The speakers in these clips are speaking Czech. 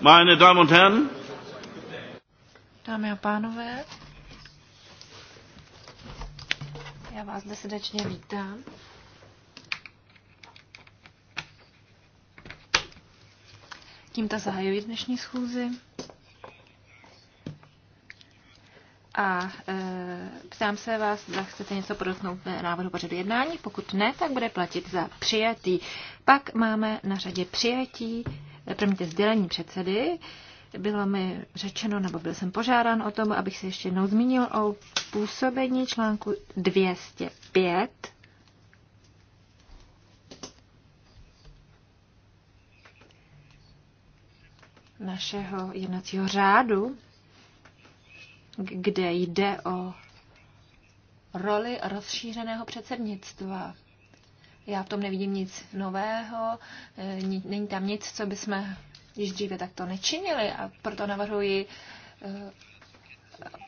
Meine Damen und Herren, Dámy a pánové, já vás zde srdečně vítám. Tímto zahajuji dnešní schůzi. a e, ptám se vás, zda chcete něco podotknout návrhu pořadu jednání. Pokud ne, tak bude platit za přijetí. Pak máme na řadě přijetí promiňte, sdělení předsedy. Bylo mi řečeno, nebo byl jsem požádán o tom, abych se ještě jednou zmínil o působení článku 205 našeho jednacího řádu, kde jde o roli rozšířeného předsednictva. Já v tom nevidím nic nového, e, není tam nic, co bychom již dříve takto nečinili a proto navrhuji, e,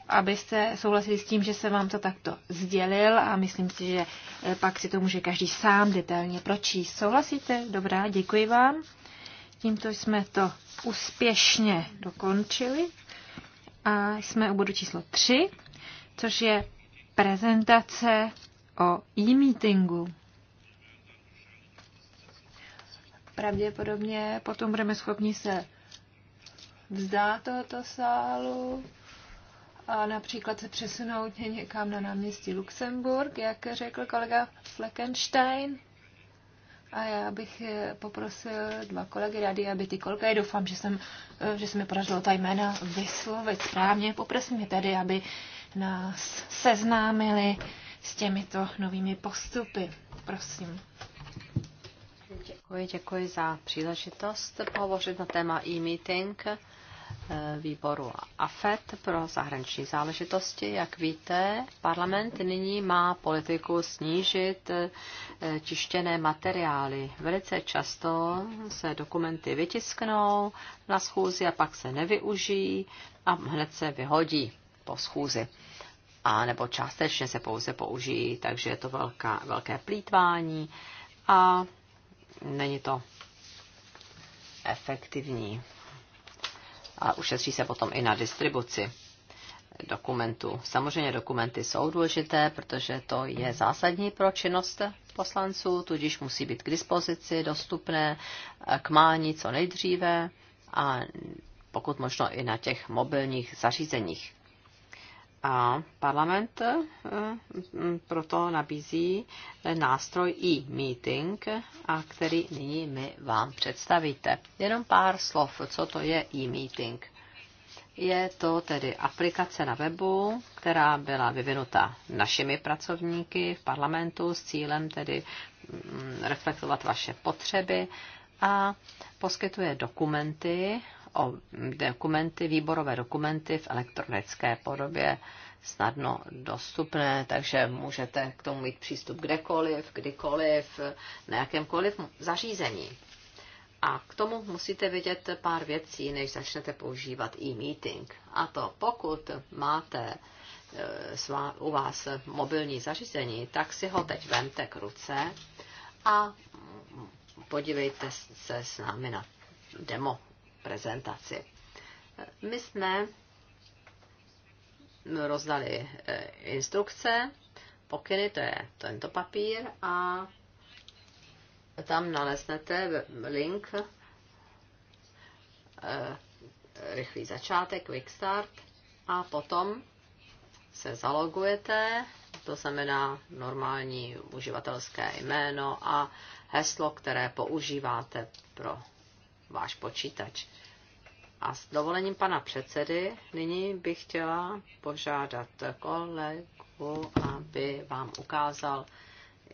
abyste souhlasili s tím, že jsem vám to takto sdělil a myslím si, že e, pak si to může každý sám detailně pročíst. Souhlasíte? Dobrá, děkuji vám. Tímto jsme to úspěšně dokončili a jsme u bodu číslo 3, což je prezentace o e-meetingu. pravděpodobně potom budeme schopni se vzdát tohoto sálu a například se přesunout někam na náměstí Luxemburg, jak řekl kolega Fleckenstein. A já bych poprosil dva kolegy rady, aby ty kolegy, doufám, že, jsem, že se mi podařilo ta jména vyslovit správně, poprosím je tedy, aby nás seznámili s těmito novými postupy. Prosím. Děkuji, děkuji za příležitost pohovořit na téma e-meeting eh, výboru AFET pro zahraniční záležitosti. Jak víte, parlament nyní má politiku snížit eh, čištěné materiály. Velice často se dokumenty vytisknou na schůzi a pak se nevyužijí a hned se vyhodí po schůzi. A nebo částečně se pouze použijí, takže je to velká, velké plítvání. A není to efektivní. A ušetří se potom i na distribuci dokumentů. Samozřejmě dokumenty jsou důležité, protože to je zásadní pro činnost poslanců, tudíž musí být k dispozici, dostupné, k mání co nejdříve a pokud možno i na těch mobilních zařízeních. A parlament eh, mm, proto nabízí eh, nástroj e-meeting, a který nyní my vám představíte. Jenom pár slov, co to je e-meeting. Je to tedy aplikace na webu, která byla vyvinuta našimi pracovníky v parlamentu s cílem tedy mm, reflektovat vaše potřeby a poskytuje dokumenty o dokumenty, výborové dokumenty v elektronické podobě snadno dostupné, takže můžete k tomu mít přístup kdekoliv, kdykoliv, na jakémkoliv zařízení. A k tomu musíte vidět pár věcí, než začnete používat e-meeting. A to pokud máte e, u vás mobilní zařízení, tak si ho teď vemte k ruce a podívejte se s námi na demo prezentaci. My jsme rozdali e, instrukce, pokyny, to je tento papír a tam naleznete link e, rychlý začátek, quick start a potom se zalogujete, to znamená normální uživatelské jméno a heslo, které používáte pro váš počítač. A s dovolením pana předsedy nyní bych chtěla požádat kolegu, aby vám ukázal,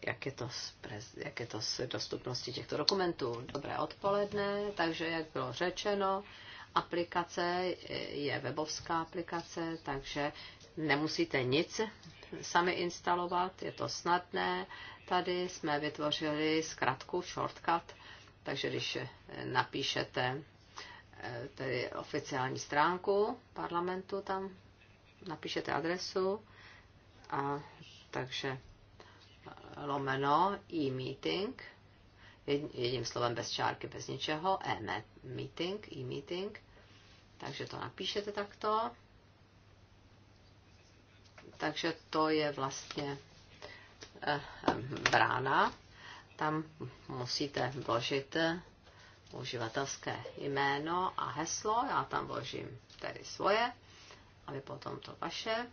jak je to s, jak je to s dostupností těchto dokumentů. Dobré odpoledne, takže jak bylo řečeno, aplikace je webovská aplikace, takže nemusíte nic sami instalovat, je to snadné. Tady jsme vytvořili zkratku shortcut takže když eh, napíšete eh, tedy oficiální stránku parlamentu, tam napíšete adresu a takže eh, lomeno e-meeting, jedním slovem bez čárky, bez ničeho, e-meeting, e-meeting, takže to napíšete takto. Takže to je vlastně brána tam musíte vložit uživatelské jméno a heslo, já tam vložím tedy svoje, aby potom to vaše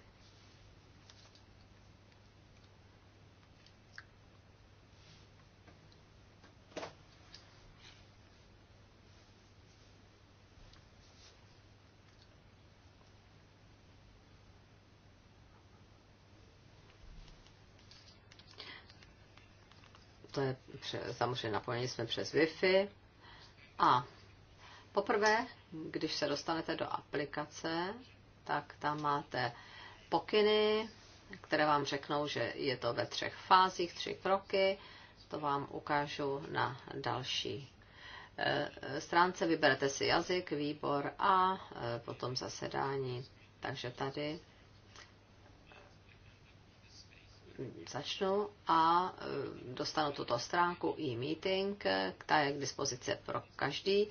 samozřejmě napojení jsme přes Wi-Fi a poprvé, když se dostanete do aplikace, tak tam máte pokyny, které vám řeknou, že je to ve třech fázích, tři kroky. To vám ukážu na další eh, stránce. Vyberete si jazyk, výbor a eh, potom zasedání. Takže tady začnu a eh, dostanu tuto stránku e-meeting, která je k dispozici pro každý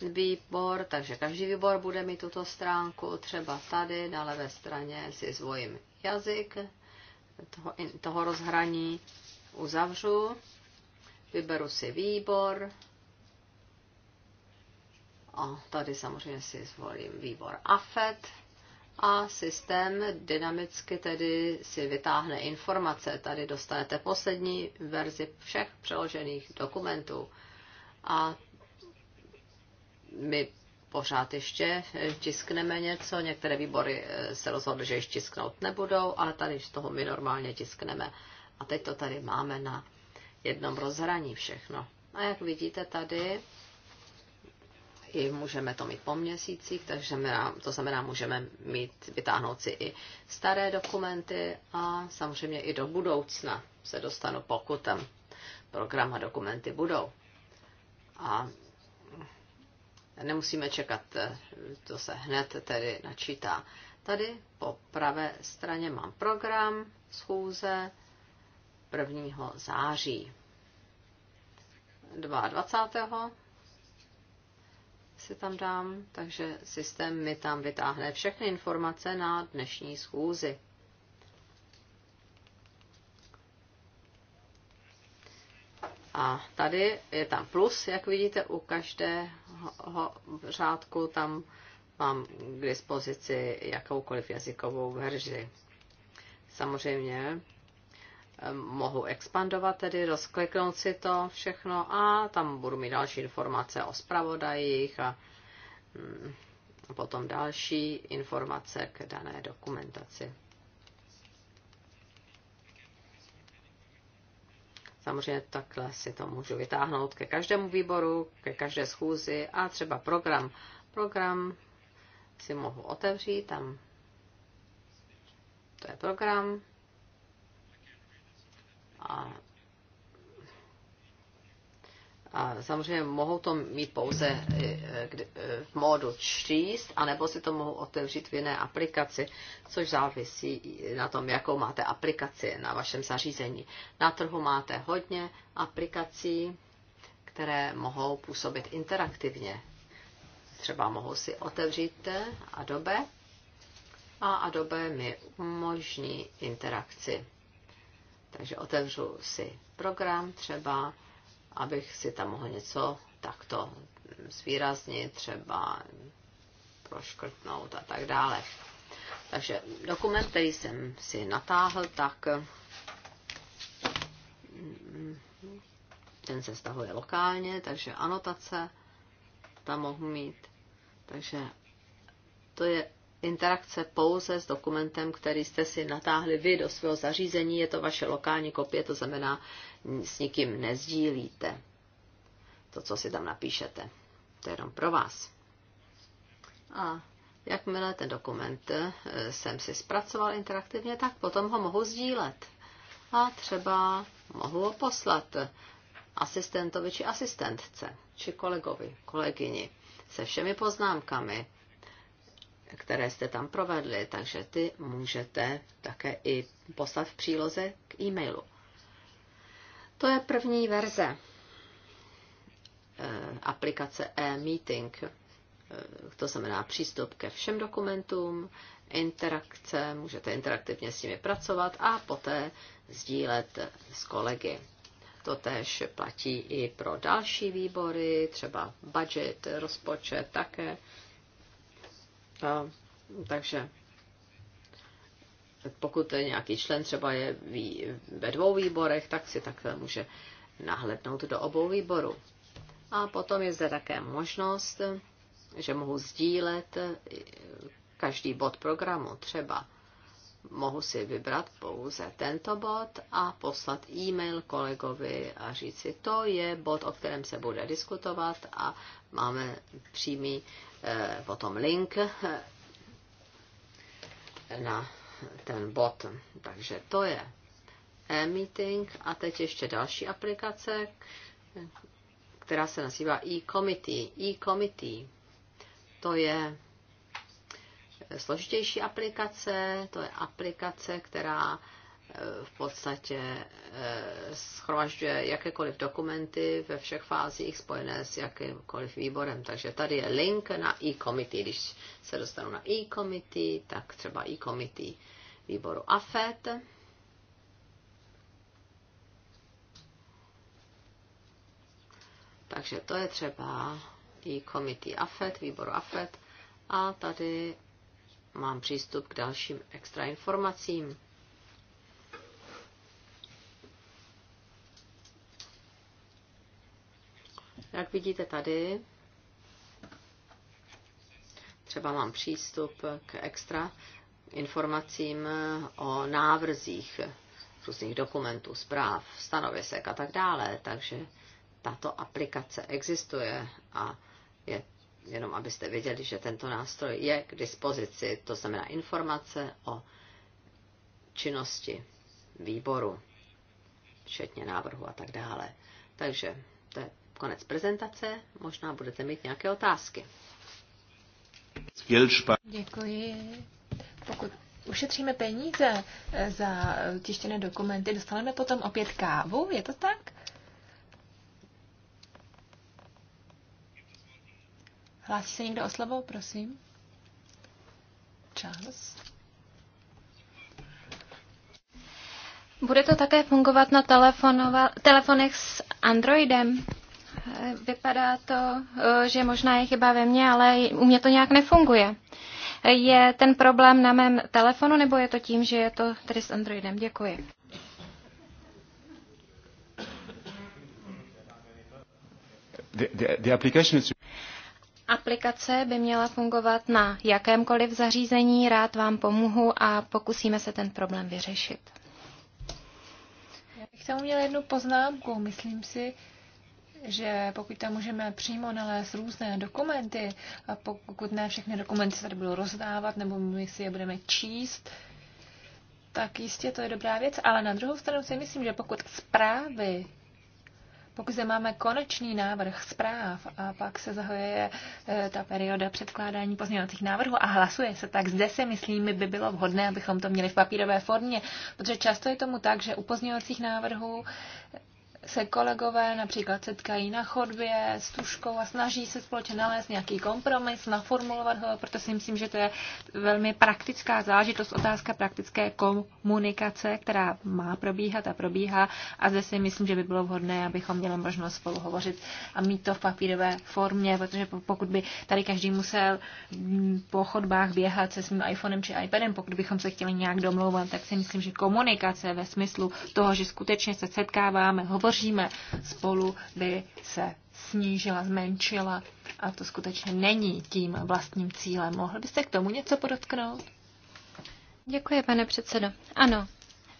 výbor, takže každý výbor bude mít tuto stránku, třeba tady na levé straně si zvojím jazyk toho, toho rozhraní, uzavřu, vyberu si výbor a tady samozřejmě si zvolím výbor AFET, a systém dynamicky tedy si vytáhne informace. Tady dostanete poslední verzi všech přeložených dokumentů. A my pořád ještě tiskneme něco, některé výbory eh, se rozhodly, že již tisknout nebudou, ale tady z toho my normálně tiskneme. A teď to tady máme na jednom rozhraní všechno. A jak vidíte tady, i můžeme to mít po měsících, takže to znamená, můžeme mít, vytáhnout si i staré dokumenty a samozřejmě i do budoucna se dostanu, pokud tam program a dokumenty budou. A nemusíme čekat, to se hned tedy načítá. Tady po pravé straně mám program schůze 1. září 22 si tam dám, takže systém mi tam vytáhne všechny informace na dnešní schůzi. A tady je tam plus, jak vidíte, u každého řádku tam mám k dispozici jakoukoliv jazykovou verzi. Samozřejmě Ehm, mohu expandovat, tedy rozkliknout si to všechno a tam budu mít další informace o zpravodajích mm, a potom další informace k dané dokumentaci. Samozřejmě takhle si to můžu vytáhnout ke každému výboru, ke každé schůzi a třeba program. Program si mohu otevřít, tam to je program, a, a samozřejmě mohou to mít pouze e, e, e, v módu číst, anebo si to mohou otevřít v jiné aplikaci, což závisí na tom, jakou máte aplikaci na vašem zařízení. Na trhu máte hodně aplikací, které mohou působit interaktivně. Třeba mohou si otevřít Adobe a Adobe mi umožní interakci takže otevřu si program třeba, abych si tam mohl něco takto zvýraznit, třeba proškrtnout a tak dále. Takže dokument, který jsem si natáhl, tak ten se stahuje lokálně, takže anotace tam mohu mít. Takže to je interakce pouze s dokumentem, který jste si natáhli vy do svého zařízení. Je to vaše lokální kopie, to znamená, s nikým nezdílíte to, co si tam napíšete. To je jenom pro vás. A jakmile ten dokument eh, jsem si zpracoval interaktivně, tak potom ho mohu sdílet. A třeba mohu ho poslat asistentovi či asistentce, či kolegovi, kolegyni, se všemi poznámkami, které jste tam provedli, takže ty můžete také i poslat v příloze k e-mailu. To je první verze eh, aplikace e-meeting. Eh, to znamená přístup ke všem dokumentům, interakce, můžete interaktivně s nimi pracovat a poté sdílet s kolegy. To tež platí i pro další výbory, třeba budget, rozpočet také a, takže pokud nějaký člen třeba je ve dvou výborech, tak si takhle může nahlednout do obou výborů. A potom je zde také možnost, že mohu sdílet každý bod programu. Třeba mohu si vybrat pouze tento bod a poslat e-mail kolegovi a říct, si, to je bod, o kterém se bude diskutovat a máme přímý Eh, potom link eh, na ten bot. Takže to je e-meeting a teď ještě další aplikace, která se nazývá e-committee. E-committee to je složitější aplikace, to je aplikace, která v podstatě eh, schromažďuje jakékoliv dokumenty ve všech fázích spojené s jakýmkoliv výborem. Takže tady je link na e-committee. Když se dostanu na e-committee, tak třeba e-committee výboru AFET. Takže to je třeba e-committee AFET, výboru AFET. A tady mám přístup k dalším extra informacím Jak vidíte tady, třeba mám přístup k extra informacím o návrzích různých dokumentů, zpráv, stanovisek a tak dále. Takže tato aplikace existuje a je jenom abyste věděli, že tento nástroj je k dispozici, to znamená informace o činnosti výboru, včetně návrhu a tak dále. Takže to je konec prezentace. Možná budete mít nějaké otázky. Děkuji. Pokud ušetříme peníze eh, za tištěné dokumenty, dostaneme potom opět kávu, je to tak? Hlásí se někdo o slovo, prosím? Čas. Bude to také fungovat na telefonech s Androidem? Vypadá to, eh, že možná je chyba ve mně, ale u mě to nějak nefunguje. Je ten problém na mém telefonu, nebo je to tím, že je to tady s Androidem? Děkuji. The, the, the Aplikace by měla fungovat na jakémkoliv zařízení, rád vám pomohu a pokusíme se ten problém vyřešit. Já bych tam měla jednu poznámku. Myslím si, že pokud tam můžeme přímo nalézt různé dokumenty a pokud ne všechny dokumenty se tady budou rozdávat nebo my si je budeme číst, tak jistě to je dobrá věc, ale na druhou stranu si myslím, že pokud zprávy pokud zde máme konečný návrh zpráv a pak se zahojuje e, ta perioda předkládání pozměňovacích návrhů a hlasuje se, tak zde si myslím, by bylo vhodné, abychom to měli v papírové formě, protože často je tomu tak, že u pozměňovacích návrhů se kolegové například setkají na chodbě s tuškou a snaží se společně nalézt nějaký kompromis, naformulovat ho, proto si myslím, že to je velmi praktická záležitost, otázka praktické komunikace, která má probíhat a probíhá. A zde si myslím, že by bylo vhodné, abychom měli možnost spolu hovořit a mít to v papírové formě, protože pokud by tady každý musel po chodbách běhat se svým iPhonem či iPadem, pokud bychom se chtěli nějak domlouvat, tak si myslím, že komunikace ve smyslu toho, že skutečně se setkáváme, hovoříme, vytvoříme spolu, by se snížila, zmenšila a to skutečně není tím vlastním cílem. Mohl byste k tomu něco podotknout? Děkuji, pane předsedo. Ano,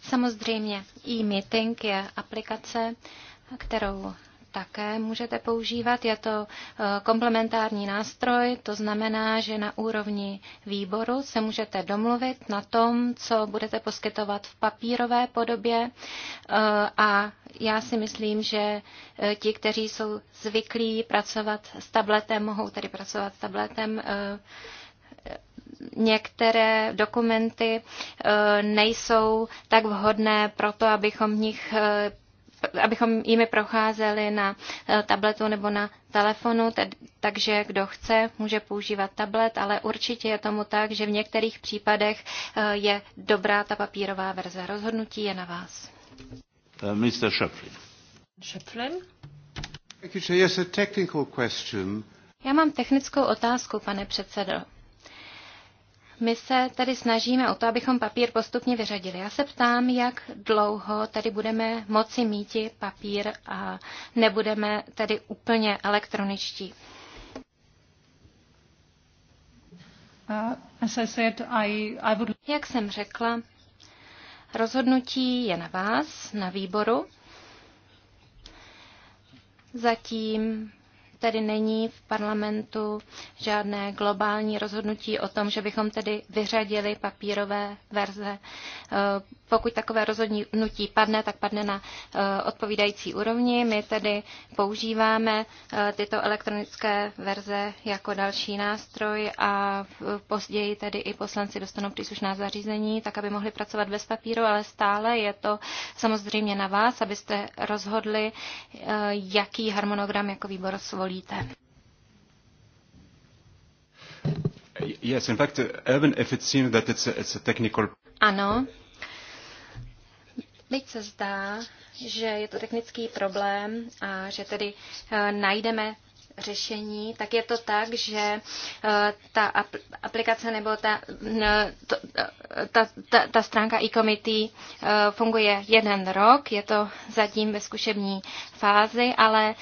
samozřejmě e-meeting je aplikace, kterou také můžete používat. Je to eh, komplementární nástroj, to znamená, že na úrovni výboru se můžete domluvit na tom, co budete poskytovat v papírové podobě eh, a já si myslím, že eh, ti, kteří jsou zvyklí pracovat s tabletem, mohou tedy pracovat s tabletem, některé dokumenty nejsou tak vhodné pro to, abychom v nich abychom jimi procházeli na eh, tabletu nebo na telefonu, takže kdo chce, může používat tablet, ale určitě je tomu tak, že v některých případech eh, je dobrá ta papírová verze. Rozhodnutí je na vás. Eh, Mr. Schöpflin. Schöpflin? Já mám technickou otázku, pane předsedo. My se tady snažíme o to, abychom papír postupně vyřadili. Já se ptám, jak dlouho tady budeme moci mít papír a nebudeme tady úplně elektroničtí. Uh, jak jsem řekla, rozhodnutí je na vás, na výboru. Zatím tedy není v parlamentu žádné globální rozhodnutí o tom, že bychom tedy vyřadili papírové verze eh, pokud takové rozhodnutí padne, tak padne na eh, odpovídající úrovni. My tedy používáme eh, tyto elektronické verze jako další nástroj a eh, později tedy i poslanci dostanou příslušná zařízení, tak aby mohli pracovat bez papíru, ale stále je to samozřejmě na vás, abyste rozhodli, jaký harmonogram jako výbor svolíte. Yes, in fact, even if it seems that it's a, it's a technical... Ano, Teď se zdá, že je to technický problém a že tedy eh, najdeme řešení, tak je to tak, že eh, ta aplikace nebo ta, eh, ta, ta, ta stránka e-committee funguje jeden rok, je to zatím ve zkušební fázi, ale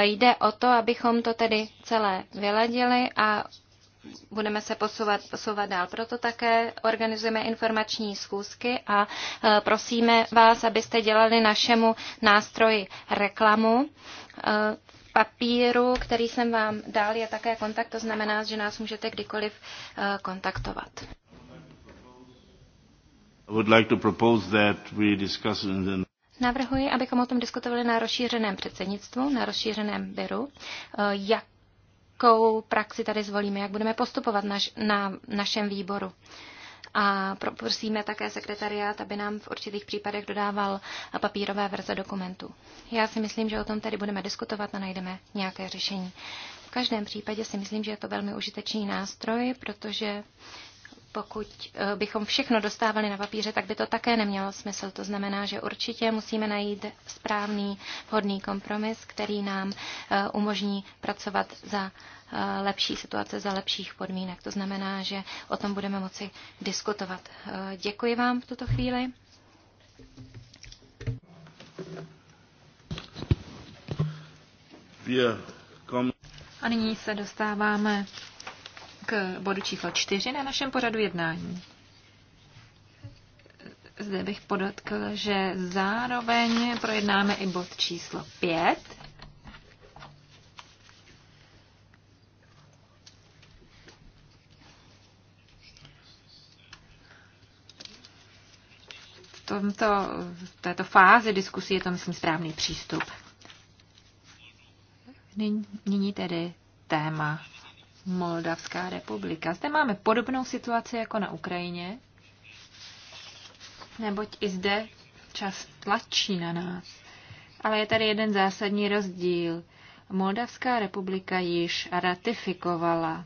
jde o to, abychom to tedy celé vyladili a budeme se posouvat, posouvat dál. Proto také organizujeme informační schůzky a e, prosíme vás, abyste dělali našemu nástroji reklamu. E, papíru, který jsem vám dal, je také kontakt, to znamená, že nás můžete kdykoliv e, kontaktovat. Navrhuji, abychom o tom diskutovali na rozšířeném předsednictvu, na rozšířeném byru, jak jakou praxi tady zvolíme, jak budeme postupovat naš, na našem výboru. A prosíme také sekretariát, aby nám v určitých případech dodával papírové verze dokumentů. Já si myslím, že o tom tady budeme diskutovat a najdeme nějaké řešení. V každém případě si myslím, že je to velmi užitečný nástroj, protože pokud eh, bychom všechno dostávali na papíře, tak by to také nemělo smysl. To znamená, že určitě musíme najít správný, vhodný kompromis, který nám eh, umožní pracovat za eh, lepší situace, za lepších podmínek. To znamená, že o tom budeme moci diskutovat. Děkuji vám v tuto chvíli. A nyní se dostáváme k bodu číslo čtyři na našem pořadu jednání. Zde bych podotkl, že zároveň projednáme i bod číslo pět. V, tomto, v této fázi diskusí je to, myslím, správný přístup. Nyní tedy téma Moldavská republika. Zde máme podobnou situaci jako na Ukrajině, neboť i zde čas tlačí na nás. Ale je tady jeden zásadní rozdíl. Moldavská republika již ratifikovala.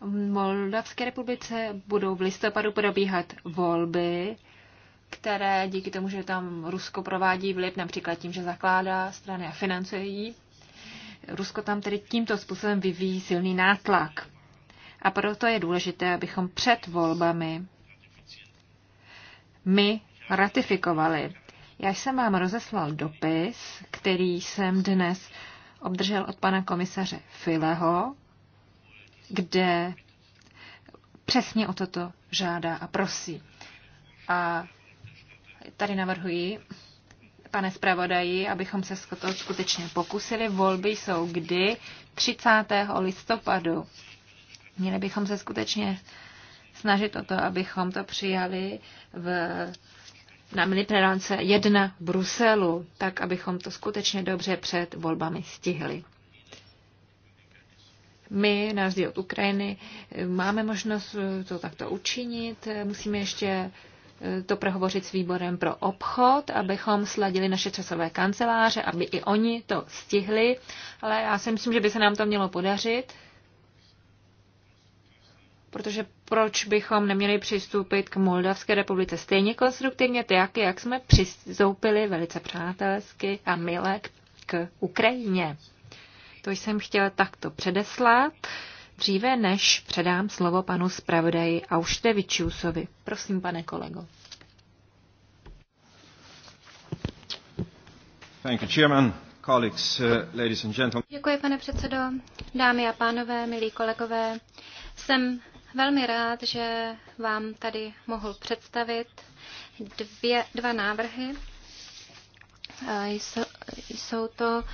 V Moldavské republice budou v listopadu probíhat volby, které díky tomu, že tam Rusko provádí vliv, například tím, že zakládá strany a financuje jí, Rusko tam tedy tímto způsobem vyvíjí silný nátlak. A proto je důležité, abychom před volbami my ratifikovali. Já jsem vám rozeslal dopis, který jsem dnes obdržel od pana komisaře Fileho, kde přesně o toto žádá a prosí. A tady navrhuji, pane zpravodaji, abychom se to skutečně pokusili. Volby jsou kdy? 30. listopadu. Měli bychom se skutečně snažit o to, abychom to přijali v, na Miliprance 1 v Bruselu, tak abychom to skutečně dobře před volbami stihli. My, na rozdíl od Ukrajiny, máme možnost to takto učinit. Musíme ještě to prohovořit s výborem pro obchod, abychom sladili naše časové kanceláře, aby i oni to stihli, ale já si myslím, že by se nám to mělo podařit, protože proč bychom neměli přistoupit k Moldavské republice stejně konstruktivně, tak jak jsme přistoupili velice přátelsky a milé k Ukrajině. To jsem chtěla takto předeslat dříve než předám slovo panu zpravodaji Auštevičusovi. Prosím, pane kolego. Thank you, Chairman. Colleagues, uh, ladies and gentlemen. Děkuji, pane předsedo, dámy a pánové, milí kolegové. Jsem velmi rád, že vám tady mohl představit dvě, dva návrhy. Uh, jsou, jsou to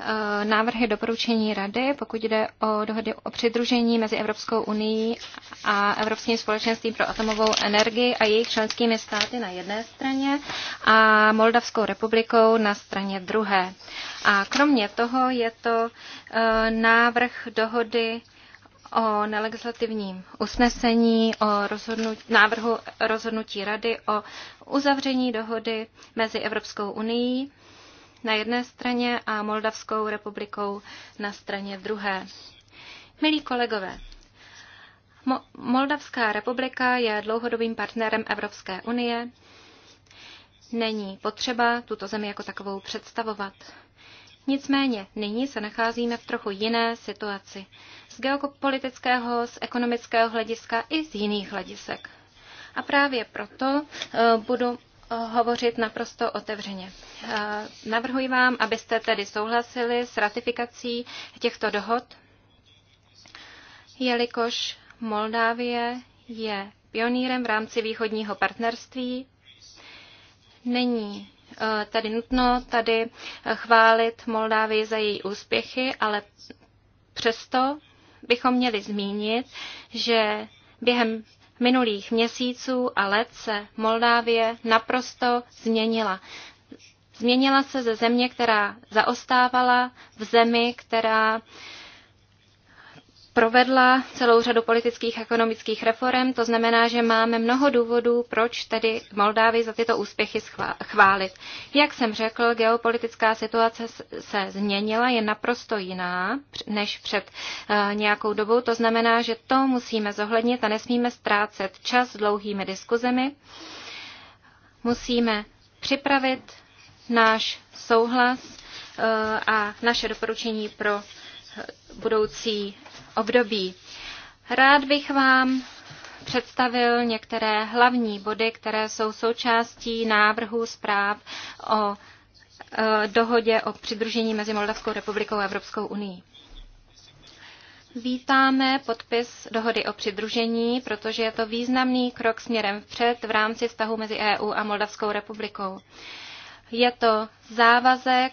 eh, návrhy doporučení Rady, pokud jde o dohody o přidružení mezi Evropskou unii a Evropským společenstvím pro atomovou energii a jejich členskými státy na jedné straně a Moldavskou republikou na straně druhé. A kromě toho je to eh, návrh dohody o nelegislativním usnesení, o rozhodnutí, návrhu rozhodnutí Rady o uzavření dohody mezi Evropskou unii na jedné straně a Moldavskou republikou na straně druhé. Milí kolegové, Mo Moldavská republika je dlouhodobým partnerem Evropské unie. Není potřeba tuto zemi jako takovou představovat. Nicméně nyní se nacházíme v trochu jiné situaci. Z geopolitického, z ekonomického hlediska i z jiných hledisek. A právě proto eh, budu eh, hovořit naprosto otevřeně. Eh, navrhuji vám, abyste tedy souhlasili s ratifikací těchto dohod, jelikož Moldávie je pionýrem v rámci východního partnerství. Není eh, tady nutno tady chválit Moldávii za její úspěchy, ale přesto bychom měli zmínit, že během minulých měsíců a let se Moldávie naprosto změnila. Změnila se ze země, která zaostávala, v zemi, která provedla celou řadu politických a ekonomických reform. To znamená, že máme mnoho důvodů, proč tedy Moldávii za tyto úspěchy chválit. Jak jsem řekl, geopolitická situace se změnila, je naprosto jiná než před eh, nějakou dobou. To znamená, že to musíme zohlednit a nesmíme ztrácet čas dlouhými diskuzemi. Musíme připravit náš souhlas eh, a naše doporučení pro eh, budoucí období. Rád bych vám představil některé hlavní body, které jsou součástí návrhu zpráv o eh, dohodě o přidružení mezi Moldavskou republikou a Evropskou unii. Vítáme podpis dohody o přidružení, protože je to významný krok směrem vpřed v rámci vztahu mezi EU a Moldavskou republikou. Je to závazek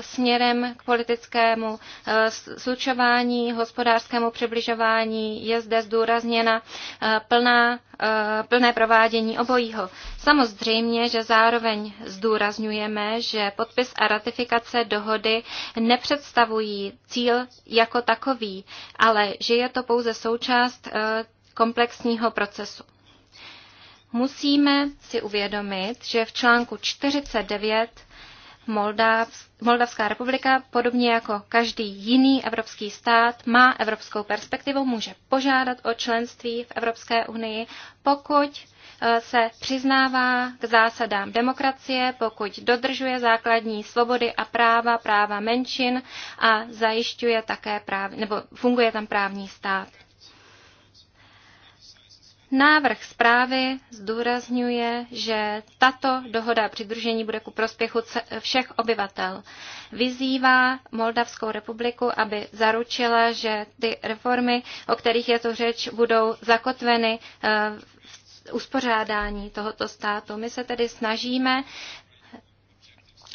směrem k politickému eh, slučování, hospodářskému přibližování je zde zdůrazněna eh, plná, eh, plné provádění obojího. Samozřejmě, že zároveň zdůrazňujeme, že podpis a ratifikace dohody nepředstavují cíl jako takový, ale že je to pouze součást komplexního procesu. Musíme si uvědomit, že v článku 49 Moldav, Moldavská republika, podobně jako každý jiný evropský stát, má evropskou perspektivu, může požádat o členství v Evropské unii, pokud eh, se přiznává k zásadám demokracie, pokud dodržuje základní svobody a práva, práva menšin a zajišťuje také právě nebo funguje tam právní stát. Návrh zprávy zdůrazňuje, že tato dohoda přidružení bude ku prospěchu všech obyvatel. Vyzývá Moldavskou republiku, aby zaručila, že ty reformy, o kterých je to řeč, budou zakotveny eh, v uspořádání tohoto státu. My se tedy snažíme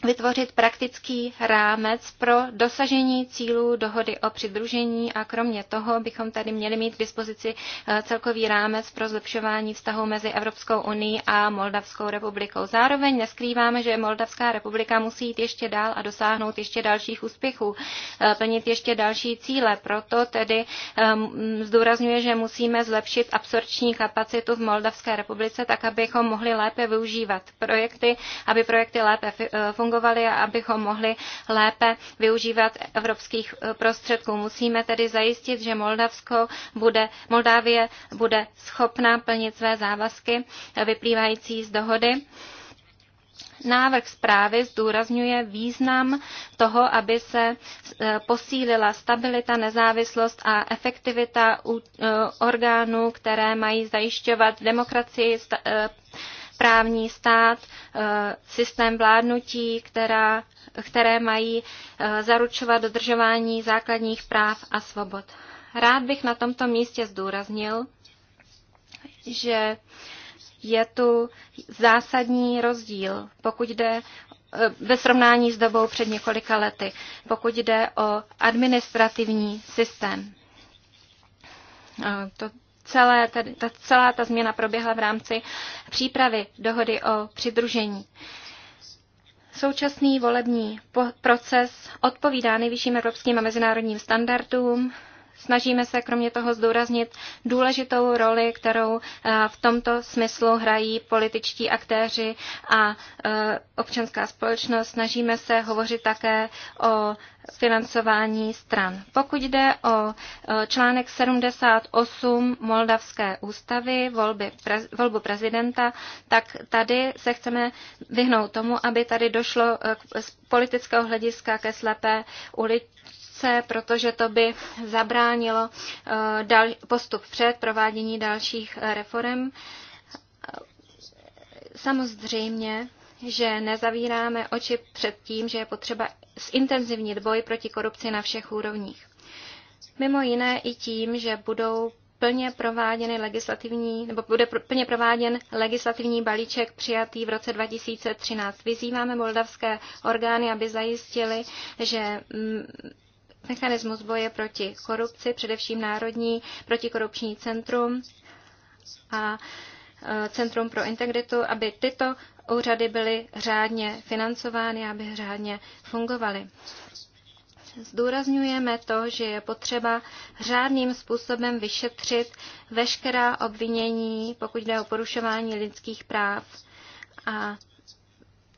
vytvořit praktický rámec pro dosažení cílů dohody o přidružení a kromě toho bychom tady měli mít k dispozici eh, celkový rámec pro zlepšování vztahu mezi Evropskou unii a Moldavskou republikou. Zároveň neskrýváme, že Moldavská republika musí jít ještě dál a dosáhnout ještě dalších úspěchů, eh, plnit ještě další cíle. Proto tedy ehm, zdůrazňuje, že musíme zlepšit absorční kapacitu v Moldavské republice, tak abychom mohli lépe využívat projekty, aby projekty lépe eh, fungovaly fungovaly a abychom mohli lépe využívat evropských eh, prostředků. Musíme tedy zajistit, že Moldavsko bude, Moldávie bude schopná plnit své závazky eh, vyplývající z dohody. Návrh zprávy zdůrazňuje význam toho, aby se eh, posílila stabilita, nezávislost a efektivita orgánů, které mají zajišťovat demokracii, právní stát, eh, systém vládnutí, která, které mají eh, zaručovat dodržování základních práv a svobod. Rád bych na tomto místě zdůraznil, že je tu zásadní rozdíl, pokud jde eh, ve srovnání s dobou před několika lety, pokud jde o administrativní systém. To celé, ta, ta, celá ta změna proběhla v rámci přípravy dohody o přidružení. Současný volební proces odpovídá nejvyšším evropským a mezinárodním standardům. Snažíme se kromě toho zdůraznit důležitou roli, kterou eh, v tomto smyslu hrají političtí aktéři a eh, občanská společnost. Snažíme se hovořit také o financování stran. Pokud jde o eh, článek 78 Moldavské ústavy, volby, prez, volbu prezidenta, tak tady se chceme vyhnout tomu, aby tady došlo z politického hlediska ke slepé uličce sankce, protože to by zabránilo eh, postup před provádění dalších eh, reform. Samozřejmě, že nezavíráme oči před tím, že je potřeba zintenzivnit boj proti korupci na všech úrovních. Mimo jiné i tím, že budou plně prováděny legislativní, nebo bude plně prováděn legislativní balíček přijatý v roce 2013. Vyzýváme moldavské orgány, aby zajistili, že mm, mechanismus boje proti korupci, především Národní protikorupční centrum a e, Centrum pro integritu, aby tyto úřady byly řádně financovány, aby řádně fungovaly. Zdůrazňujeme to, že je potřeba řádným způsobem vyšetřit veškerá obvinění, pokud jde o porušování lidských práv. A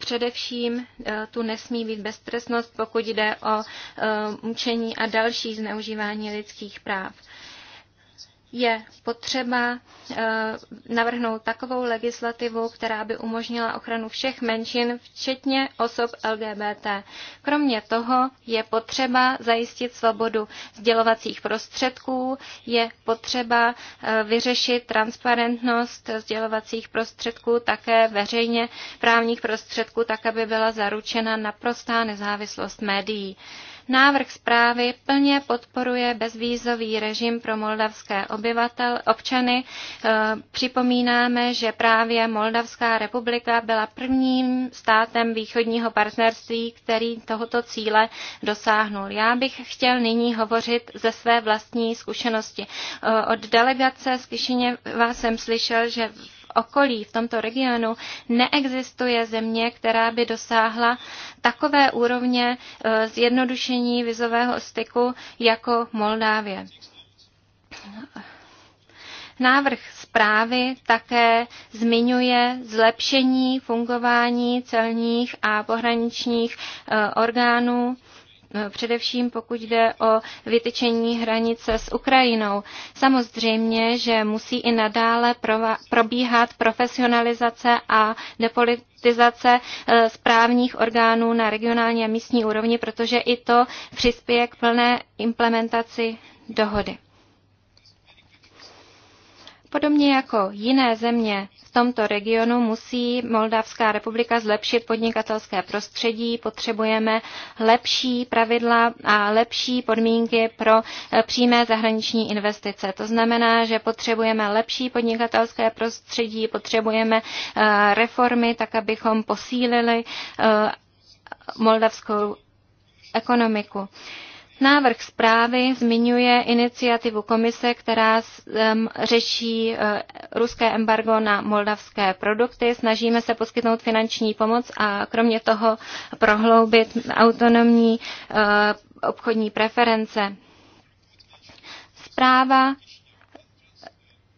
Především eh, tu nesmí být beztrestnost, pokud jde o eh, mučení a další zneužívání lidských práv je potřeba eh, navrhnout takovou legislativu, která by umožnila ochranu všech menšin, včetně osob LGBT. Kromě toho je potřeba zajistit svobodu sdělovacích prostředků, je potřeba eh, vyřešit transparentnost sdělovacích prostředků, také veřejně právních prostředků, tak aby byla zaručena naprostá nezávislost médií. Návrh zprávy plně podporuje bezvízový režim pro moldavské obyvatel, občany. E, připomínáme, že právě Moldavská republika byla prvním státem východního partnerství, který tohoto cíle dosáhnul. Já bych chtěl nyní hovořit ze své vlastní zkušenosti. E, od delegace z Kišiněva jsem slyšel, že okolí, v tomto regionu, neexistuje země, která by dosáhla takové úrovně e, zjednodušení vizového styku jako Moldávie. Návrh zprávy také zmiňuje zlepšení fungování celních a pohraničních e, orgánů Eh, především pokud jde o vytyčení hranice s Ukrajinou. Samozřejmě, že musí i nadále probíhat profesionalizace a depolitizace eh, správních orgánů na regionální a místní úrovni, protože i to přispěje k plné implementaci dohody. Podobně jako jiné země v tomto regionu musí Moldavská republika zlepšit podnikatelské prostředí, potřebujeme lepší pravidla a lepší podmínky pro eh, přímé zahraniční investice. To znamená, že potřebujeme lepší podnikatelské prostředí, potřebujeme eh, reformy, tak abychom posílili eh, moldavskou ekonomiku. Návrh zprávy zmiňuje iniciativu komise, která řeší e, ruské embargo na moldavské produkty. Snažíme se poskytnout finanční pomoc a kromě toho prohloubit autonomní e, obchodní preference. Zpráva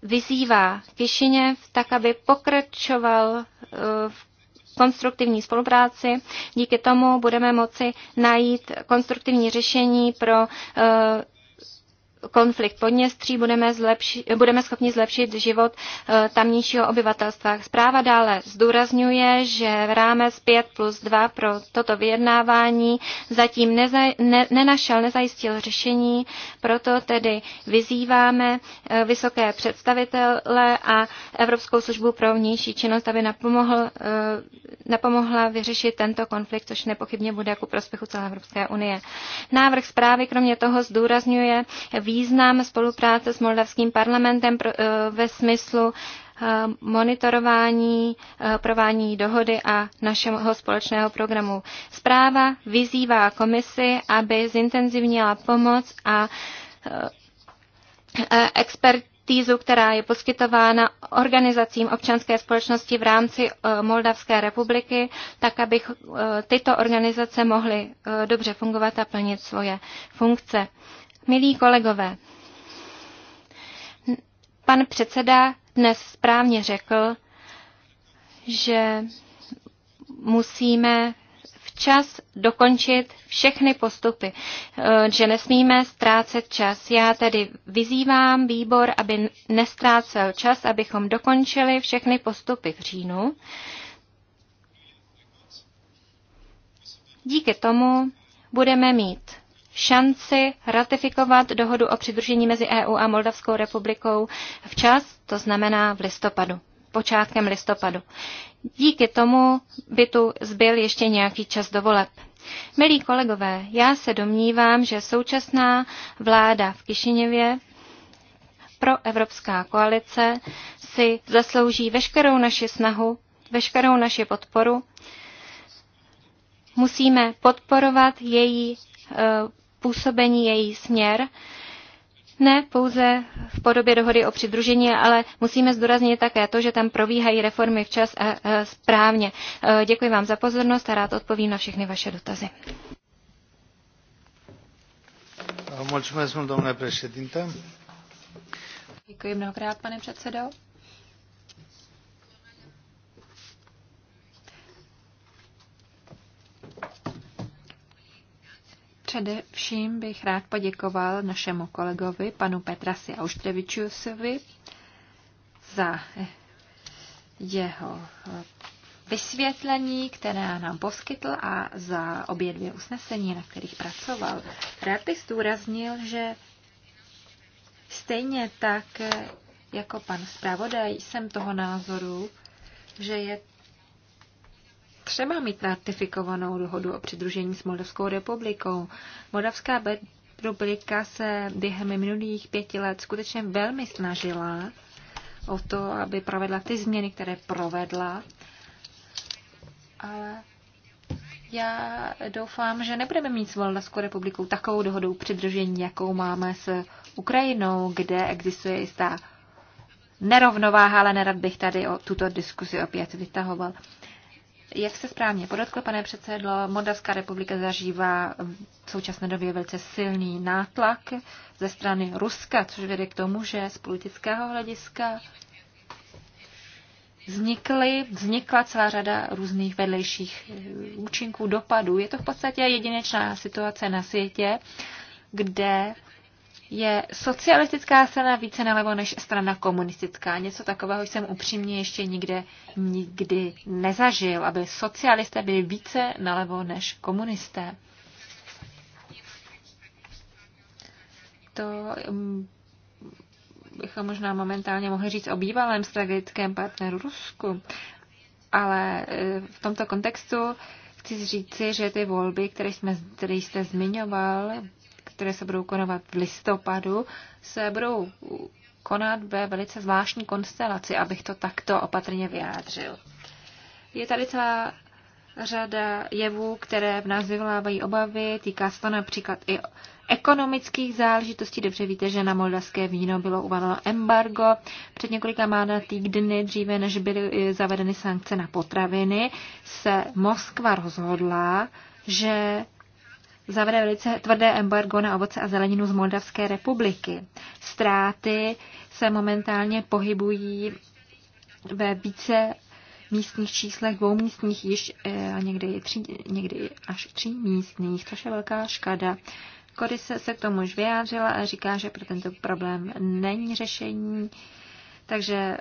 vyzývá Kišiněv tak, aby pokračoval e, v konstruktivní spolupráci. Díky tomu budeme moci najít konstruktivní řešení pro eh, konflikt Podněstří budeme, zlepši, budeme schopni zlepšit život eh, tamnějšího obyvatelstva. Zpráva dále zdůrazňuje, že v rámec 5 plus 2 pro toto vyjednávání zatím neza, ne, nenašel, nezajistil řešení, proto tedy vyzýváme eh, vysoké představitele a Evropskou službu pro vnější činnost, aby napomohl, eh, napomohla vyřešit tento konflikt, což nepochybně bude ku prospěchu celé Evropské unie. Návrh zprávy kromě toho zdůrazňuje význam spolupráce s moldavským parlamentem eh, ve smyslu eh, monitorování, eh, provádění dohody a našeho společného programu. Zpráva vyzývá komisi, aby zintenzivnila pomoc a expert expertízu, která je poskytována organizacím občanské společnosti v rámci Moldavské republiky, tak aby tyto organizace mohly dobře fungovat a plnit svoje funkce. Milí kolegové, pan předseda dnes správně řekl, že musíme včas dokončit všechny postupy, eh, že nesmíme ztrácet čas. Já tedy vyzývám výbor, aby nestrácel čas, abychom dokončili všechny postupy v říjnu. Díky tomu budeme mít šanci ratifikovat dohodu o přidružení mezi EU a Moldavskou republikou včas, to znamená v listopadu, počátkem listopadu. Díky tomu by tu zbyl ještě nějaký čas do voleb. Milí kolegové, já se domnívám, že současná vláda v Kišiněvě pro Evropská koalice si zaslouží veškerou naši snahu, veškerou naši podporu. Musíme podporovat její eh, působení, její směr. Ne pouze v podobě dohody o přidružení, ale musíme zdůraznit také to, že tam probíhají reformy včas a e, správně. E, děkuji vám za pozornost a rád odpovím na všechny vaše dotazy. Děkuji mnohokrát, pane předsedo. Především bych rád poděkoval našemu kolegovi, panu Petrasi Auštrevičusovi, za jeho vysvětlení, které nám poskytl a za obě dvě usnesení, na kterých pracoval. Rád bych zdůraznil, že stejně tak jako pan zpravodaj jsem toho názoru, že je třeba mít ratifikovanou dohodu o přidružení s Moldavskou republikou. Moldavská republika se během minulých pěti let skutečně velmi snažila o to, aby provedla ty změny, které provedla. Ale já doufám, že nebudeme mít s Moldavskou republikou takovou dohodu přidružení, jakou máme s Ukrajinou, kde existuje jistá nerovnováha, ale nerad bych tady o tuto diskusi opět vytahoval. Jak se správně podotkl, pane předsedlo, Moldavská republika zažívá v současné době velice silný nátlak ze strany Ruska, což vede k tomu, že z politického hlediska vznikly, vznikla celá řada různých vedlejších účinků, dopadů. Je to v podstatě jedinečná situace na světě, kde je socialistická strana více nalevo než strana komunistická. Něco takového jsem upřímně ještě nikde nikdy nezažil, aby socialisté byli více nalevo než komunisté. To mm, bychom možná momentálně mohli říct o bývalém strategickém partneru Rusku, ale e, v tomto kontextu chci říci, že ty volby, které, jsme, které jste zmiňoval, které se budou konovat v listopadu, se budou konat ve velice zvláštní konstelaci, abych to takto opatrně vyjádřil. Je tady celá řada jevů, které v nás vyvolávají obavy. Týká se to například i ekonomických záležitostí. Dobře víte, že na moldavské víno bylo uvaleno embargo před několika mána týdny, dříve než byly eh, zavedeny sankce na potraviny, se Moskva rozhodla, že zavede velice tvrdé embargo na ovoce a zeleninu z Moldavské republiky. Ztráty se momentálně pohybují ve více místních číslech, dvou místních již eh, a někdy, tři, někdy až tří místních, což je velká škoda. Kory se, se k tomu už vyjádřila a říká, že pro tento problém není řešení, takže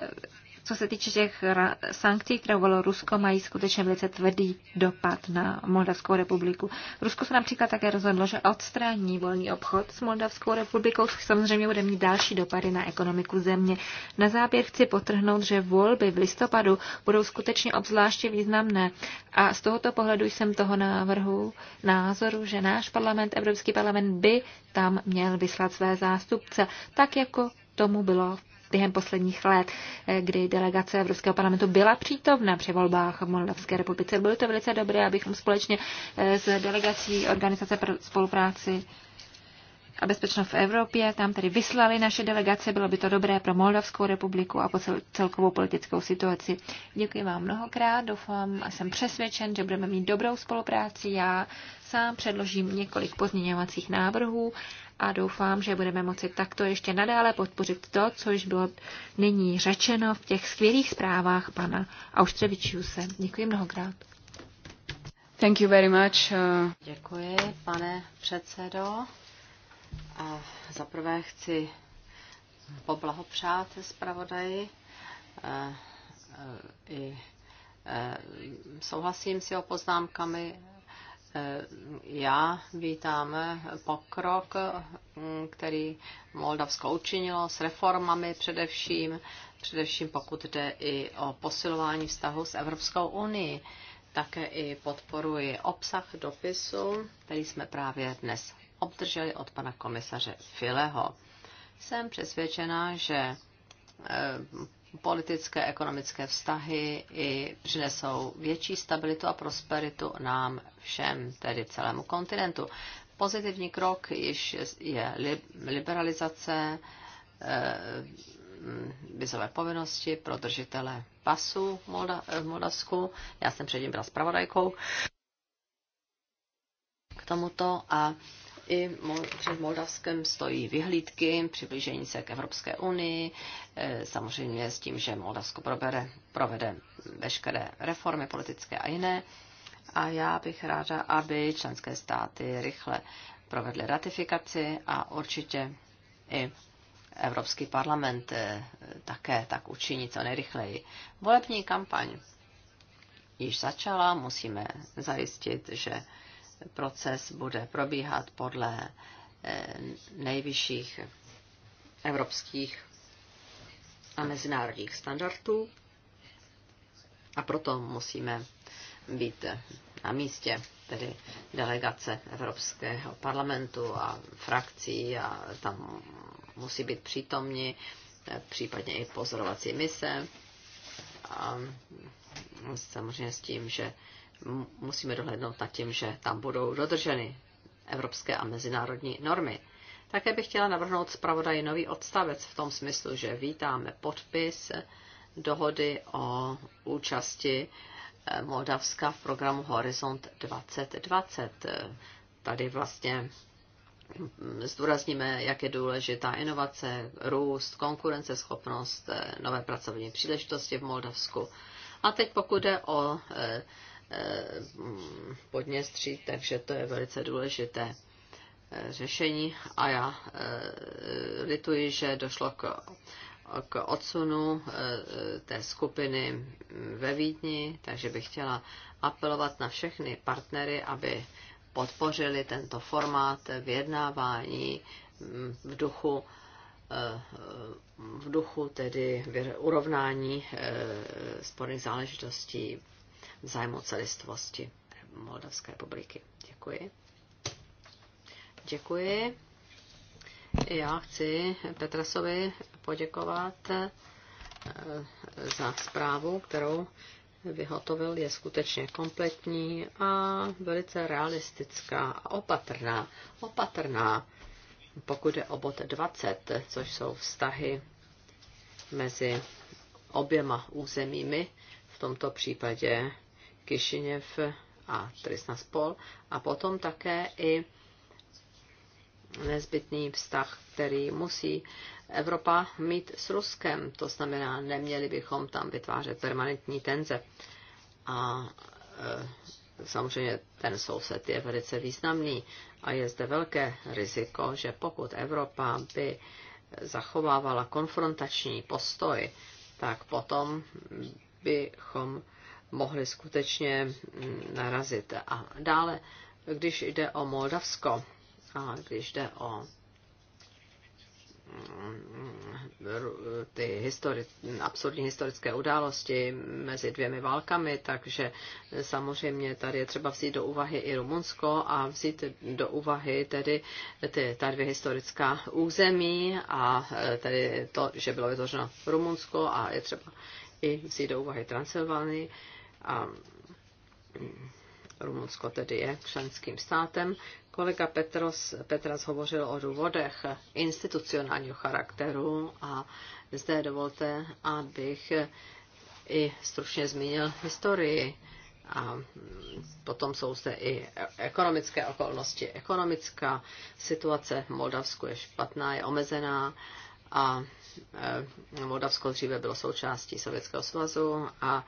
co se týče těch sankcí, které uvolilo Rusko, mají skutečně velice tvrdý dopad na Moldavskou republiku. Rusko se například také rozhodlo, že odstraní volný obchod s Moldavskou republikou, což samozřejmě bude mít další dopady na ekonomiku země. Na závěr chci potrhnout, že volby v listopadu budou skutečně obzvláště významné a z tohoto pohledu jsem toho návrhu názoru, že náš parlament, Evropský parlament by tam měl vyslat své zástupce, tak jako tomu bylo v během posledních let, eh, kdy delegace Evropského parlamentu byla přítomna při volbách v Moldavské republice. Bylo to velice dobré, abychom společně eh, s delegací Organizace pro spolupráci a bezpečnost v Evropě. Tam tedy vyslali naše delegace, bylo by to dobré pro Moldavskou republiku a po celkovou politickou situaci. Děkuji vám mnohokrát, doufám a jsem přesvědčen, že budeme mít dobrou spolupráci. Já sám předložím několik pozměňovacích návrhů a doufám, že budeme moci takto ještě nadále podpořit to, co již bylo nyní řečeno v těch skvělých zprávách pana Auštrevičiuse. Děkuji mnohokrát. Thank you very much. Uh, Děkuji, pane předsedo. A zaprvé chci poblahopřát zpravodaji uh, uh, i souhlasím s jeho poznámkami já vítám pokrok, který Moldavsko učinilo s reformami především, především pokud jde i o posilování vztahu s Evropskou unii. Také i podporuji obsah dopisu, který jsme právě dnes obdrželi od pana komisaře Fileho. Jsem přesvědčená, že eh, politické, ekonomické vztahy i přinesou větší stabilitu a prosperitu nám všem, tedy celému kontinentu. Pozitivní krok již je liberalizace eh, vizové povinnosti pro držitele pasu v Moldavsku. Já jsem předtím byla zpravodajkou k tomuto a i před Moldavskem stojí vyhlídky přiblížení se k Evropské unii, eh, samozřejmě s tím, že Moldavsko probere, provede veškeré reformy politické a jiné. A já bych ráda, aby členské státy rychle provedly ratifikaci a určitě i Evropský parlament eh, také tak učiní co nejrychleji. Volební kampaň již začala, musíme zajistit, že proces bude probíhat podle eh, nejvyšších evropských a mezinárodních standardů a proto musíme být na místě, tedy delegace Evropského parlamentu a frakcí a tam musí být přítomni, eh, případně i pozorovací mise. A samozřejmě s tím, že musíme dohlednout nad tím, že tam budou dodrženy evropské a mezinárodní normy. Také bych chtěla navrhnout zpravodaji nový odstavec v tom smyslu, že vítáme podpis dohody o účasti eh, Moldavska v programu Horizont 2020. Tady vlastně mm, zdůrazníme, jak je důležitá inovace, růst, konkurenceschopnost, eh, nové pracovní příležitosti v Moldavsku. A teď pokud jde o eh, Podněstří, takže to je velice důležité eh, řešení a já eh, lituji, že došlo k, k odsunu eh, té skupiny ve Vídni, takže bych chtěla apelovat na všechny partnery, aby podpořili tento formát vyjednávání mm, v duchu v duchu tedy urovnání sporných záležitostí zájmu celistvosti Moldavské republiky. Děkuji. Děkuji. Já chci Petrasovi poděkovat eh, za zprávu, kterou vyhotovil, je skutečně kompletní a velice realistická a opatrná. Opatrná, pokud je o bod 20, což jsou vztahy mezi oběma územími, v tomto případě Kišiněv a Spol a potom také i nezbytný vztah, který musí Evropa mít s Ruskem. To znamená, neměli bychom tam vytvářet permanentní tenze. A e, samozřejmě ten soused je velice významný a je zde velké riziko, že pokud Evropa by zachovávala konfrontační postoj, tak potom bychom mohli skutečně mm, narazit. A dále, když jde o Moldavsko a když jde o mm, ty histori- absurdní historické události mezi dvěmi válkami, takže samozřejmě tady je třeba vzít do úvahy i Rumunsko a vzít do úvahy tedy ty, ta dvě historická území a e, tedy to, že bylo vytvořeno Rumunsko a je třeba i vzít do úvahy Transylvánii a mm, Rumunsko tedy je členským státem. Kolega Petros, Petras hovořil o důvodech institucionálního charakteru a zde dovolte, abych i stručně zmínil historii. A mm, potom jsou zde i ekonomické okolnosti. Ekonomická situace v Moldavsku je špatná, je omezená a e, Moldavsko dříve bylo součástí Sovětského svazu a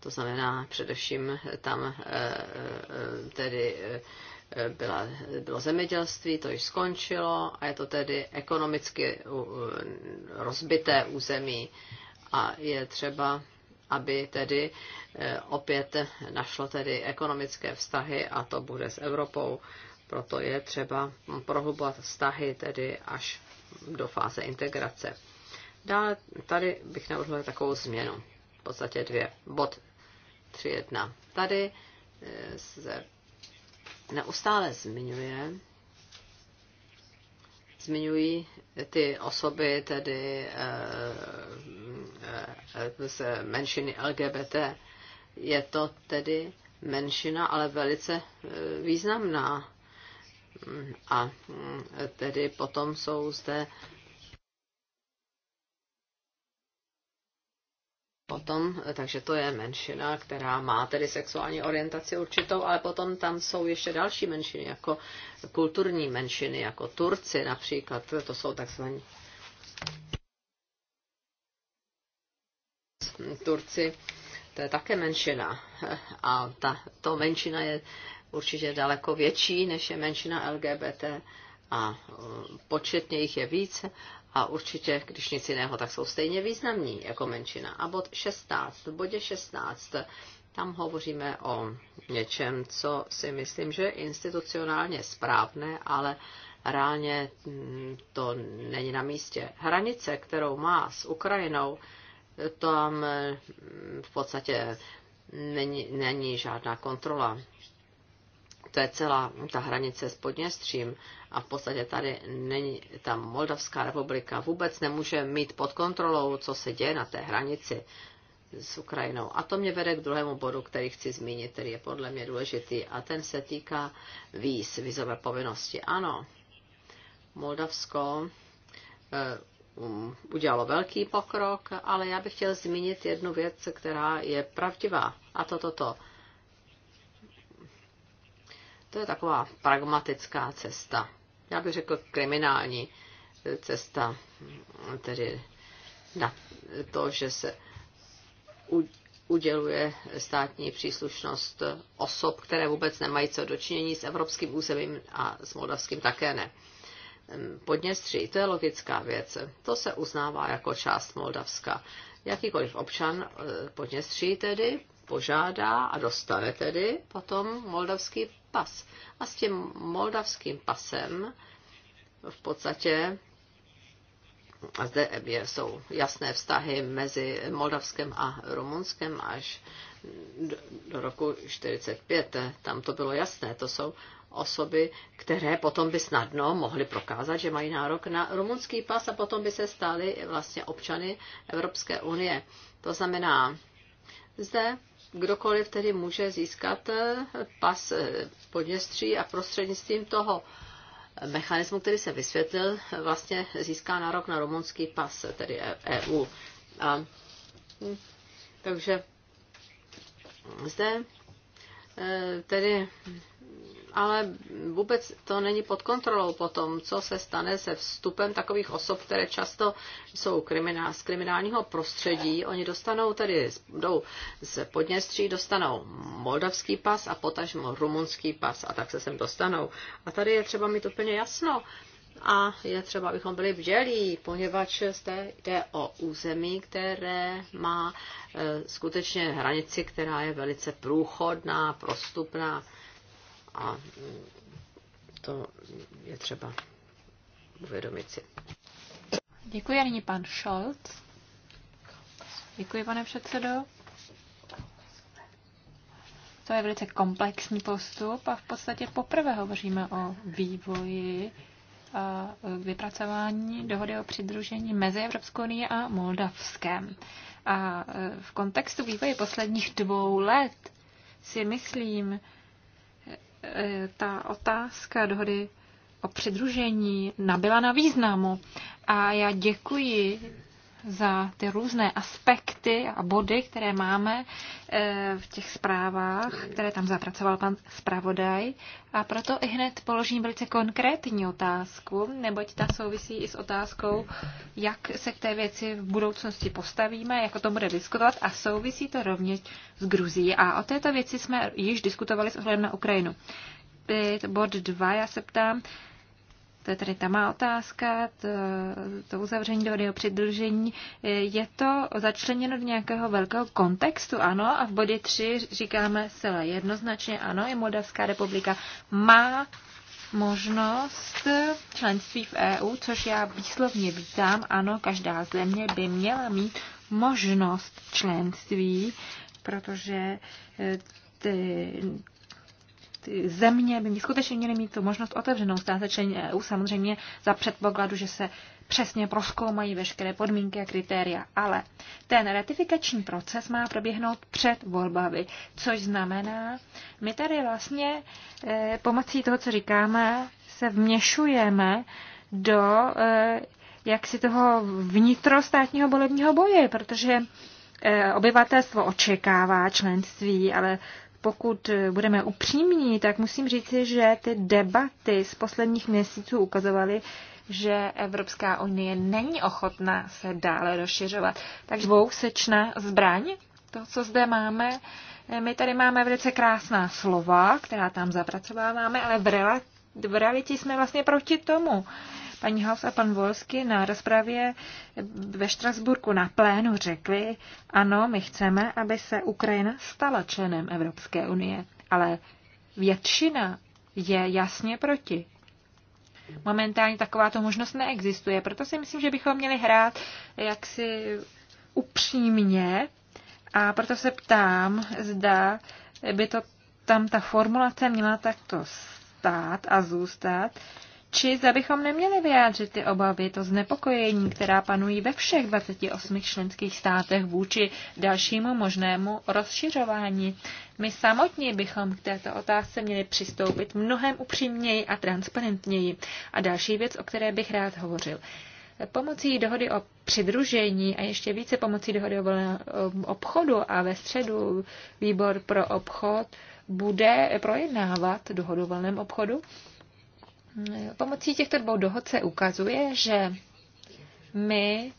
to znamená, především tam eh, eh, tedy eh, byla, bylo zemědělství, to již skončilo a je to tedy ekonomicky rozbité území a je třeba, aby tedy opět našlo tedy ekonomické vztahy a to bude s Evropou, proto je třeba prohlubovat vztahy tedy až do fáze integrace. Dále tady bych navrhl takovou změnu. V podstatě dvě. Bod 3.1. Tady eh, se neustále zmiňuje, zmiňují ty osoby, tedy z eh, eh, menšiny LGBT. Je to tedy menšina, ale velice významná. A mm, tedy potom jsou zde Potom, takže to je menšina, která má tedy sexuální orientaci určitou, ale potom tam jsou ještě další menšiny, jako kulturní menšiny, jako Turci například, to jsou takzvaní Turci, to je také menšina. A ta, to menšina je určitě daleko větší, než je menšina LGBT a uh, početně jich je více a určitě, když nic jiného, tak jsou stejně významní jako menšina. A bod 16, v bodě 16, tam hovoříme o něčem, co si myslím, že je institucionálně správné, ale reálně mm, to není na místě. Hranice, kterou má s Ukrajinou, tam mm, v podstatě není, není žádná kontrola to je celá ta hranice s Podněstřím a v podstatě tady není, ta Moldavská republika vůbec nemůže mít pod kontrolou, co se děje na té hranici s Ukrajinou. A to mě vede k druhému bodu, který chci zmínit, který je podle mě důležitý a ten se týká víz, vízové povinnosti. Ano, Moldavsko e, um, udělalo velký pokrok, ale já bych chtěl zmínit jednu věc, která je pravdivá a to toto. To. to to je taková pragmatická cesta. Já bych řekl kriminální cesta, tedy na to, že se uděluje státní příslušnost osob, které vůbec nemají co dočinění s evropským územím a s moldavským také ne. Podněstří, to je logická věc. To se uznává jako část Moldavska. Jakýkoliv občan eh, Podněstří tedy požádá a dostane tedy potom moldavský pas. A s tím moldavským pasem v podstatě a zde jsou jasné vztahy mezi Moldavskem a Rumunskem až do, do roku 45. Tam to bylo jasné. To jsou osoby, které potom by snadno mohly prokázat, že mají nárok na rumunský pas a potom by se staly vlastně občany Evropské unie. To znamená, zde kdokoliv tedy může získat eh, pas eh, podněstří a prostřednictvím toho mechanismu, který se vysvětlil, vlastně získá nárok na rumunský pas, tedy EU. E a, hm, takže zde Eh, tedy ale vůbec to není pod kontrolou potom, co se stane se vstupem takových osob, které často jsou kriminál, z kriminálního prostředí. Oni dostanou tedy, jdou z Podněstří, dostanou moldavský pas a potažmo rumunský pas a tak se sem dostanou. A tady je třeba mít úplně jasno, a je třeba, abychom byli vdělí, poněvadž zde jde o území, které má e, skutečně hranici, která je velice průchodná, prostupná. A mm, to je třeba uvědomit si. Děkuji, nyní pan Scholz. Děkuji, pane předsedo. To je velice komplexní postup a v podstatě poprvé hovoříme o vývoji vypracování dohody o přidružení mezi Evropskou unii a Moldavskem. A e, v kontextu vývoje posledních dvou let si myslím, e, ta otázka dohody o přidružení nabyla na významu. A já děkuji za ty různé aspekty a body, které máme eh, v těch zprávách, které tam zapracoval pan zpravodaj. A proto i hned položím velice konkrétní otázku, neboť ta souvisí i s otázkou, jak se k té věci v budoucnosti postavíme, jak o tom bude diskutovat a souvisí to rovněž s Gruzí. A o této věci jsme již diskutovali s ohledem na Ukrajinu. Bod 2, já se ptám, to je tedy ta má otázka, to, to uzavření dohody o přidružení. Je to začleněno do nějakého velkého kontextu? Ano. A v bodě 3 říkáme celé jednoznačně ano, i Moldavská republika má možnost členství v EU, což já výslovně vítám. Ano, každá země by měla mít možnost členství, protože e, ty země by mě skutečně měly mít tu možnost otevřenou stát člení EU, samozřejmě za předpokladu, že se přesně proskoumají veškeré podmínky a kritéria. Ale ten ratifikační proces má proběhnout před volbami, což znamená, my tady vlastně eh, pomocí toho, co říkáme, se vměšujeme do eh, jaksi toho vnitrostátního volebního boje, protože e, obyvatelstvo očekává členství, ale pokud budeme upřímní, tak musím říci, že ty debaty z posledních měsíců ukazovaly, že Evropská unie není ochotná se dále rozšiřovat. Takže dvousečná zbraň, to, co zde máme, my tady máme velice krásná slova, která tam zapracováváme, ale v, v realitě jsme vlastně proti tomu paní Haus a pan Volsky na rozpravě ve Štrasburku na plénu řekli, ano, my chceme, aby se Ukrajina stala členem Evropské unie, ale většina je jasně proti. Momentálně takováto možnost neexistuje, proto si myslím, že bychom měli hrát jaksi upřímně a proto se ptám, zda by to tam ta formulace měla takto stát a zůstat, či zda bychom neměli vyjádřit ty obavy, to znepokojení, která panují ve všech 28 členských státech vůči dalšímu možnému rozšiřování. My samotní bychom k této otázce měli přistoupit mnohem upřímněji a transparentněji. A další věc, o které bych rád hovořil. Pomocí dohody o přidružení a ještě více pomocí dohody o um, obchodu a ve středu výbor pro obchod bude projednávat dohodu o volném obchodu Pomocí těchto dvou dohod se ukazuje, že my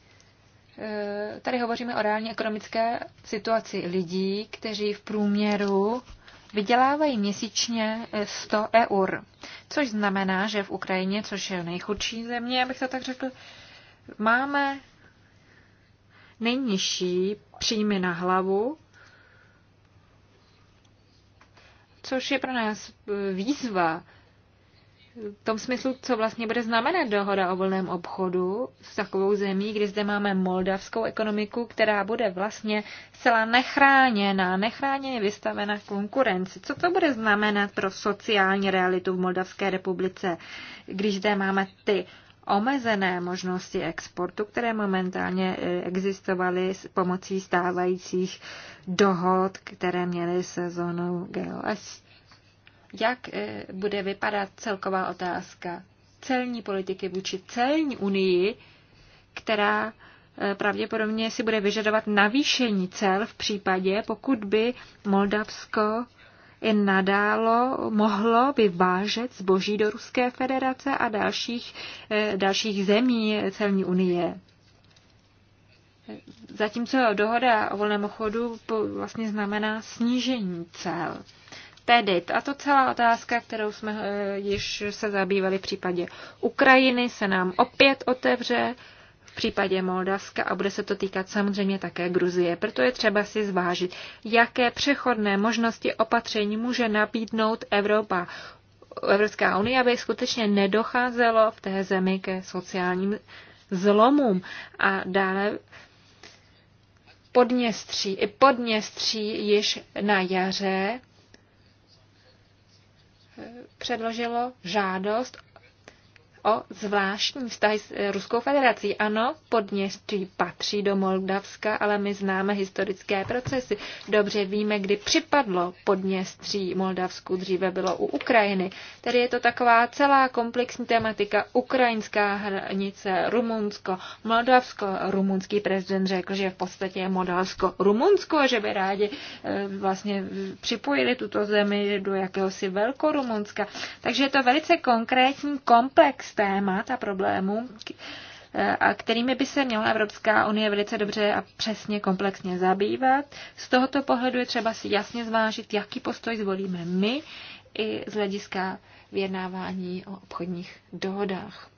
e, tady hovoříme o reálně ekonomické situaci lidí, kteří v průměru vydělávají měsíčně 100 e, eur. Což znamená, že v Ukrajině, což je nejchudší země, abych to tak řekl, máme nejnižší příjmy na hlavu, což je pro nás e, výzva v tom smyslu, co vlastně bude znamenat dohoda o volném obchodu s takovou zemí, kdy zde máme moldavskou ekonomiku, která bude vlastně zcela nechráněná, nechráněně vystavena konkurenci. Co to bude znamenat pro sociální realitu v Moldavské republice, když zde máme ty omezené možnosti exportu, které momentálně e, existovaly s pomocí stávajících dohod, které měly se zónou GOS? jak eh, bude vypadat celková otázka celní politiky vůči celní unii, která eh, pravděpodobně si bude vyžadovat navýšení cel v případě, pokud by Moldavsko i nadálo mohlo vyvážet zboží do Ruské federace a dalších, eh, dalších zemí celní unie. Zatímco dohoda o volném chodu vlastně znamená snížení cel. TEDIT. A to celá otázka, kterou jsme eh, již se zabývali v případě Ukrajiny, se nám opět otevře v případě Moldavska a bude se to týkat samozřejmě také Gruzie. Proto je třeba si zvážit, jaké přechodné možnosti opatření může nabídnout Evropa. Evropská unie, aby skutečně nedocházelo v té zemi ke sociálním zlomům. A dále Podněstří. I Podněstří již na jaře předložilo žádost o zvláštní vztahy s eh, Ruskou federací. Ano, Podněstří patří do Moldavska, ale my známe historické procesy. Dobře víme, kdy připadlo Podněstří Moldavsku, dříve bylo u Ukrajiny. Tedy je to taková celá komplexní tematika. Ukrajinská hranice, Rumunsko, Moldavsko. Rumunský prezident řekl, že v podstatě je Moldavsko Rumunsko, že by rádi eh, vlastně připojili tuto zemi do jakéhosi Velkorumunska. Takže je to velice konkrétní komplex témat a problémů, eh, a kterými by se měla Evropská unie velice dobře a přesně komplexně zabývat. Z tohoto pohledu je třeba si jasně zvážit, jaký postoj zvolíme my i z hlediska vyjednávání o obchodních dohodách.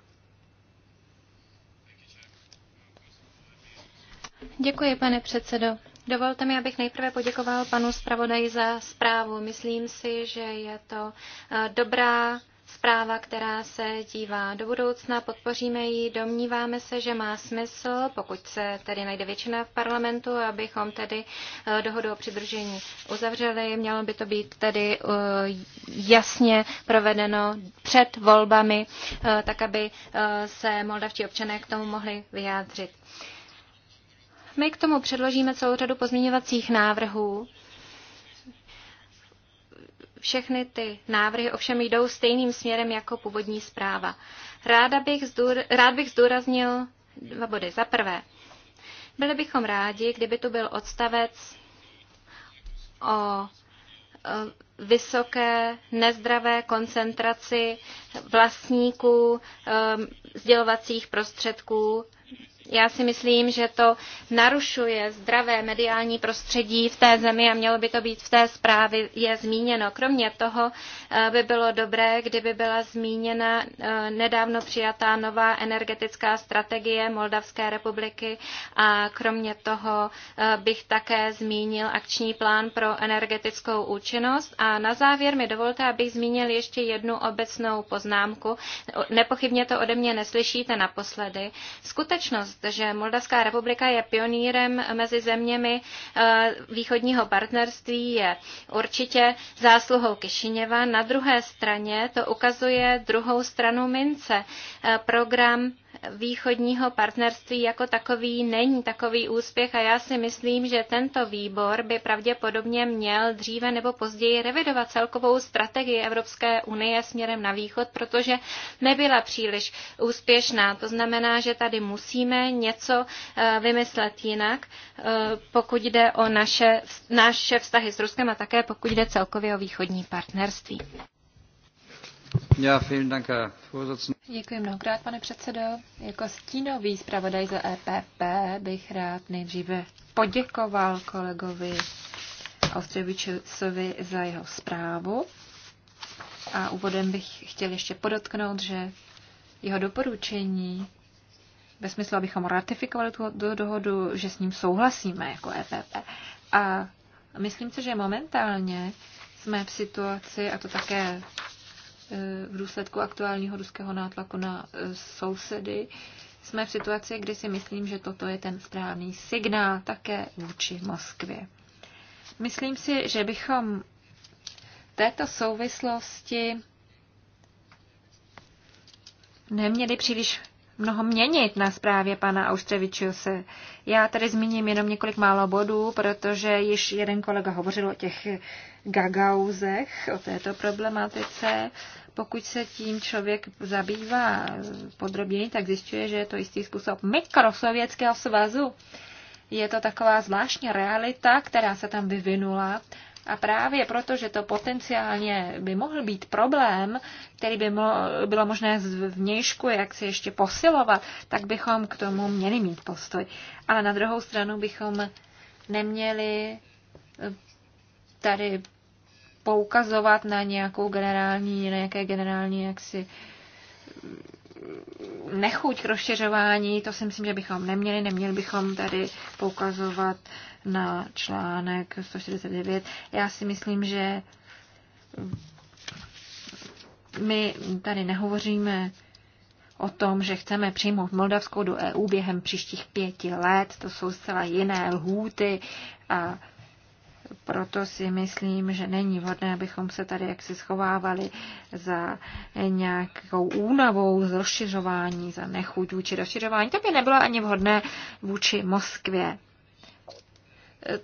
Děkuji, pane předsedo. Dovolte mi, abych nejprve poděkoval panu zpravodaji za zprávu. Myslím si, že je to eh, dobrá zpráva, která se dívá do budoucna, podpoříme ji, domníváme se, že má smysl, pokud se tedy najde většina v parlamentu, abychom tedy eh, dohodu o přidružení uzavřeli. Mělo by to být tedy eh, jasně provedeno před volbami, eh, tak aby se moldavští občané k tomu mohli vyjádřit. My k tomu předložíme celou řadu pozměňovacích návrhů. Všechny ty návrhy ovšem jdou stejným směrem jako původní zpráva. Ráda bych zdůr, rád bych zdůraznil dva body. Za prvé, byli bychom rádi, kdyby tu byl odstavec o e, vysoké nezdravé koncentraci vlastníků e, sdělovacích prostředků já si myslím, že to narušuje zdravé mediální prostředí v té zemi a mělo by to být v té zprávě je zmíněno. Kromě toho eh, by bylo dobré, kdyby byla zmíněna eh, nedávno přijatá nová energetická strategie Moldavské republiky a kromě toho eh, bych také zmínil akční plán pro energetickou účinnost. A na závěr mi dovolte, abych zmínil ještě jednu obecnou poznámku. Nepochybně to ode mě neslyšíte naposledy. Skutečnost, že Moldavská republika je pionýrem mezi zeměmi eh, východního partnerství, je určitě zásluhou Kišiněva. Na druhé straně to ukazuje druhou stranu mince. Eh, program východního partnerství jako takový není takový úspěch a já si myslím, že tento výbor by pravděpodobně měl dříve nebo později revidovat celkovou strategii Evropské unie směrem na východ, protože nebyla příliš úspěšná. To znamená, že tady musíme něco eh, vymyslet jinak, eh, pokud jde o naše, naše vztahy s Ruskem a také pokud jde celkově o východní partnerství. Děkuji mnohokrát, pane předsedo. Jako stínový zpravodaj za EPP bych rád nejdříve poděkoval kolegovi Ostřevičovi za jeho zprávu. A úvodem bych chtěl ještě podotknout, že jeho doporučení ve smyslu, abychom ratifikovali tu dohodu, že s ním souhlasíme jako EPP. A myslím si, že momentálně jsme v situaci, a to také v důsledku aktuálního ruského nátlaku na eh, sousedy, jsme v situaci, kdy si myslím, že toto je ten správný signál také vůči Moskvě. Myslím si, že bychom této souvislosti neměli příliš mnoho měnit na zprávě pana Austrevičiuse. Já tady zmíním jenom několik málo bodů, protože již jeden kolega hovořil o těch gagauzech, o této problematice. Pokud se tím člověk zabývá podrobněji, tak zjišťuje, že je to jistý způsob mikrosovětského svazu. Je to taková zvláštní realita, která se tam vyvinula a právě proto, že to potenciálně by mohl být problém, který by bylo možné zvnějšku jak si ještě posilovat, tak bychom k tomu měli mít postoj. Ale na druhou stranu bychom neměli eh, tady poukazovat na nějakou generální, na nějaké generální jaksi eh, nechuť k rozšiřování, to si myslím, že bychom neměli, neměli bychom tady poukazovat na článek 149. Já si myslím, že my tady nehovoříme o tom, že chceme přijmout Moldavskou do EU během příštích pěti let. To jsou zcela jiné lhůty a proto si myslím, že není vhodné, abychom se tady jaksi schovávali za nějakou únavou z rozšiřování, za nechuť vůči rozšiřování. To by nebylo ani vhodné vůči Moskvě.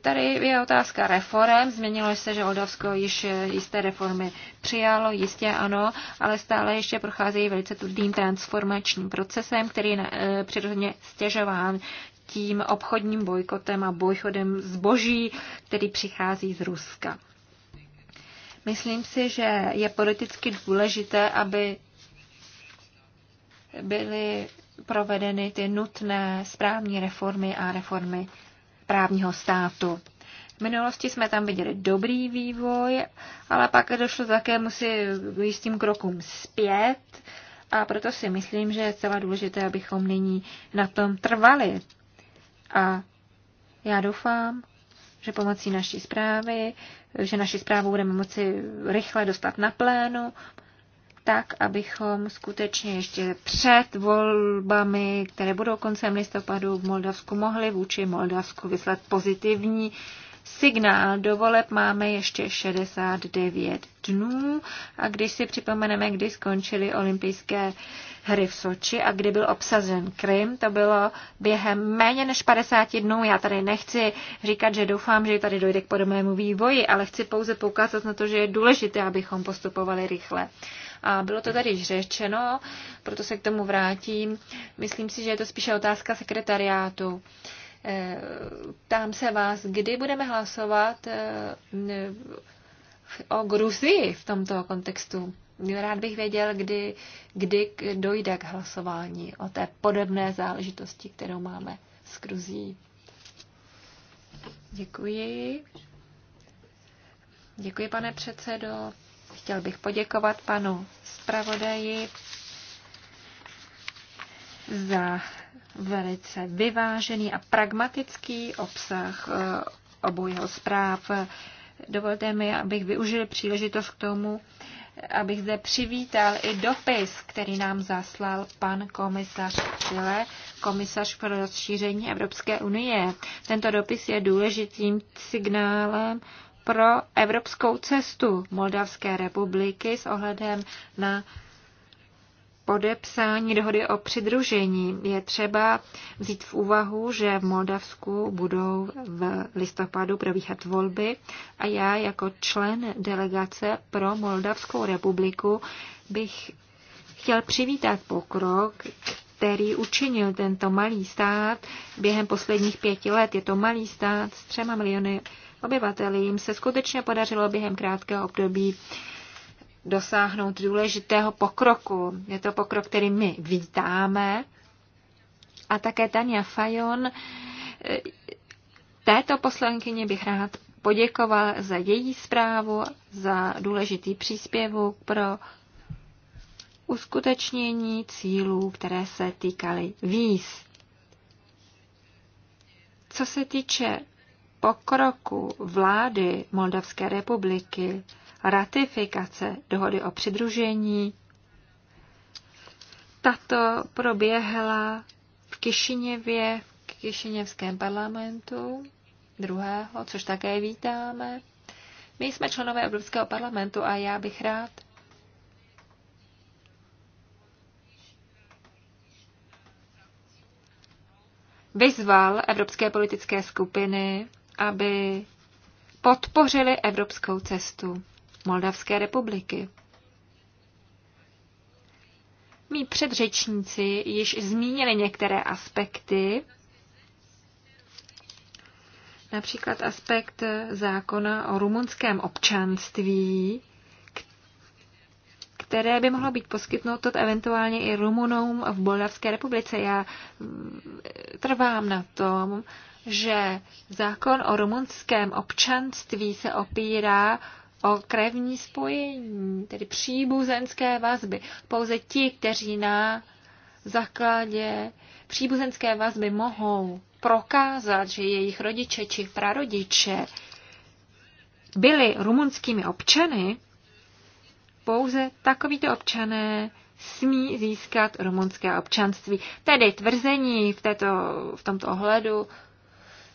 Tady je otázka reform. Změnilo se, že Moldavsko již jisté reformy přijalo, jistě ano, ale stále ještě procházejí velice tvrdým transformačním procesem, který je eh, přirozeně stěžován tím obchodním bojkotem a bojchodem zboží, který přichází z Ruska. Myslím si, že je politicky důležité, aby byly provedeny ty nutné správní reformy a reformy právního státu. V minulosti jsme tam viděli dobrý vývoj, ale pak došlo také musí jistým krokům zpět a proto si myslím, že je celá důležité, abychom nyní na tom trvali. A já doufám, že pomocí naší zprávy, že naši zprávu budeme moci rychle dostat na plénu, tak abychom skutečně ještě před volbami, které budou koncem listopadu v Moldavsku, mohli vůči Moldavsku vyslat pozitivní signál. Do voleb máme ještě 69 dnů a když si připomeneme, kdy skončily olympijské hry v Soči a kdy byl obsazen Krym, to bylo během méně než 50 dnů. Já tady nechci říkat, že doufám, že tady dojde k podobnému vývoji, ale chci pouze poukázat na to, že je důležité, abychom postupovali rychle. A bylo to tady řečeno, proto se k tomu vrátím. Myslím si, že je to spíše otázka sekretariátu. Eh, ptám se vás, kdy budeme hlasovat eh, o Gruzii v tomto kontextu. Rád bych věděl, kdy, kdy dojde k hlasování o té podobné záležitosti, kterou máme s Gruzí. Děkuji. Děkuji, pane předsedo. Chtěl bych poděkovat panu zpravodaji za velice vyvážený a pragmatický obsah eh, obou jeho zpráv. Dovolte mi, abych využil příležitost k tomu, abych zde přivítal i dopis, který nám zaslal pan komisař Chile, komisař pro rozšíření Evropské unie. Tento dopis je důležitým signálem pro evropskou cestu Moldavské republiky s ohledem na podepsání dohody o přidružení. Je třeba vzít v úvahu, že v Moldavsku budou v listopadu probíhat volby a já jako člen delegace pro Moldavskou republiku bych chtěl přivítat pokrok, který učinil tento malý stát během posledních pěti let. Je to malý stát s třema miliony obyvatelům se skutečně podařilo během krátkého období dosáhnout důležitého pokroku. Je to pokrok, který my vítáme. A také Tania Fajon, e, této poslankyně bych rád poděkoval za její zprávu, za důležitý příspěvek pro uskutečnění cílů, které se týkaly víz. Co se týče pokroku vlády Moldavské republiky, ratifikace dohody o přidružení, tato proběhla v Kišiněvě, v Kišiněvském parlamentu druhého, což také vítáme. My jsme členové Evropského parlamentu a já bych rád vyzval evropské politické skupiny, aby podpořili evropskou cestu Moldavské republiky. Mí předřečníci již zmínili některé aspekty, například aspekt zákona o rumunském občanství, které by mohlo být poskytnuto eventuálně i Rumunům v Moldavské republice. Já mm, trvám na tom, že zákon o rumunském občanství se opírá o krevní spojení, tedy příbuzenské vazby. Pouze ti, kteří na základě příbuzenské vazby mohou prokázat, že jejich rodiče či prarodiče byli rumunskými občany, pouze takovýto občané smí získat rumunské občanství. Tedy tvrzení v, této, v tomto ohledu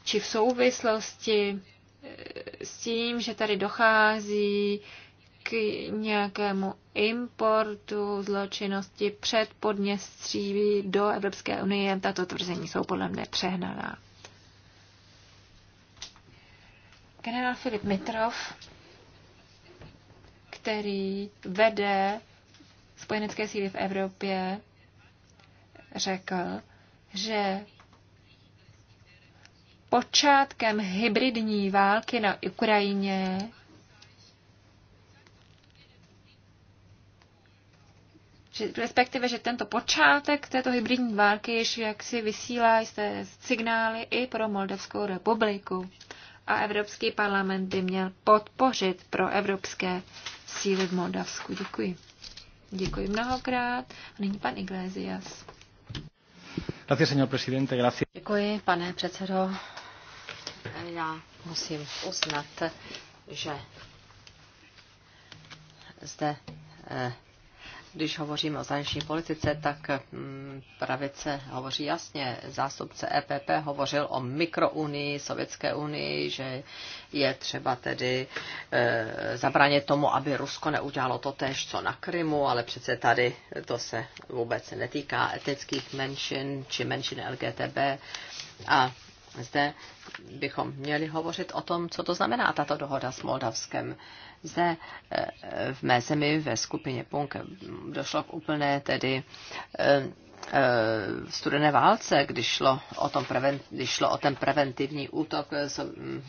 či v souvislosti eh, s tím, že tady dochází k nějakému importu zločinnosti před podněstří do Evropské unie, tato tvrzení jsou podle mě přehnaná. Generál Filip Mitrov který vede spojenecké síly v Evropě, řekl, že počátkem hybridní války na Ukrajině respektive, že tento počátek této hybridní války již jaksi vysílá jste signály i pro Moldavskou republiku. A Evropský parlament by měl podpořit pro evropské síly v Moldavsku. Děkuji. Děkuji mnohokrát. A nyní pan Iglesias. Děkuji, pane předsedo. Já musím uznat, že zde eh, když hovoříme o zahraniční politice, tak mm, pravice hovoří jasně. Zástupce EPP hovořil o mikrounii, Sovětské unii, že je třeba tedy e, zabránit tomu, aby Rusko neudělalo to tež, co na Krymu, ale přece tady to se vůbec netýká etických menšin či menšin LGTB. A zde bychom měli hovořit o tom, co to znamená tato dohoda s Moldavskem. Zde eh, v mé zemi ve skupině PUNK došlo k úplné tedy eh, studené válce, když šlo o, tom preven, když šlo o ten preventivní útok eh, so, mm,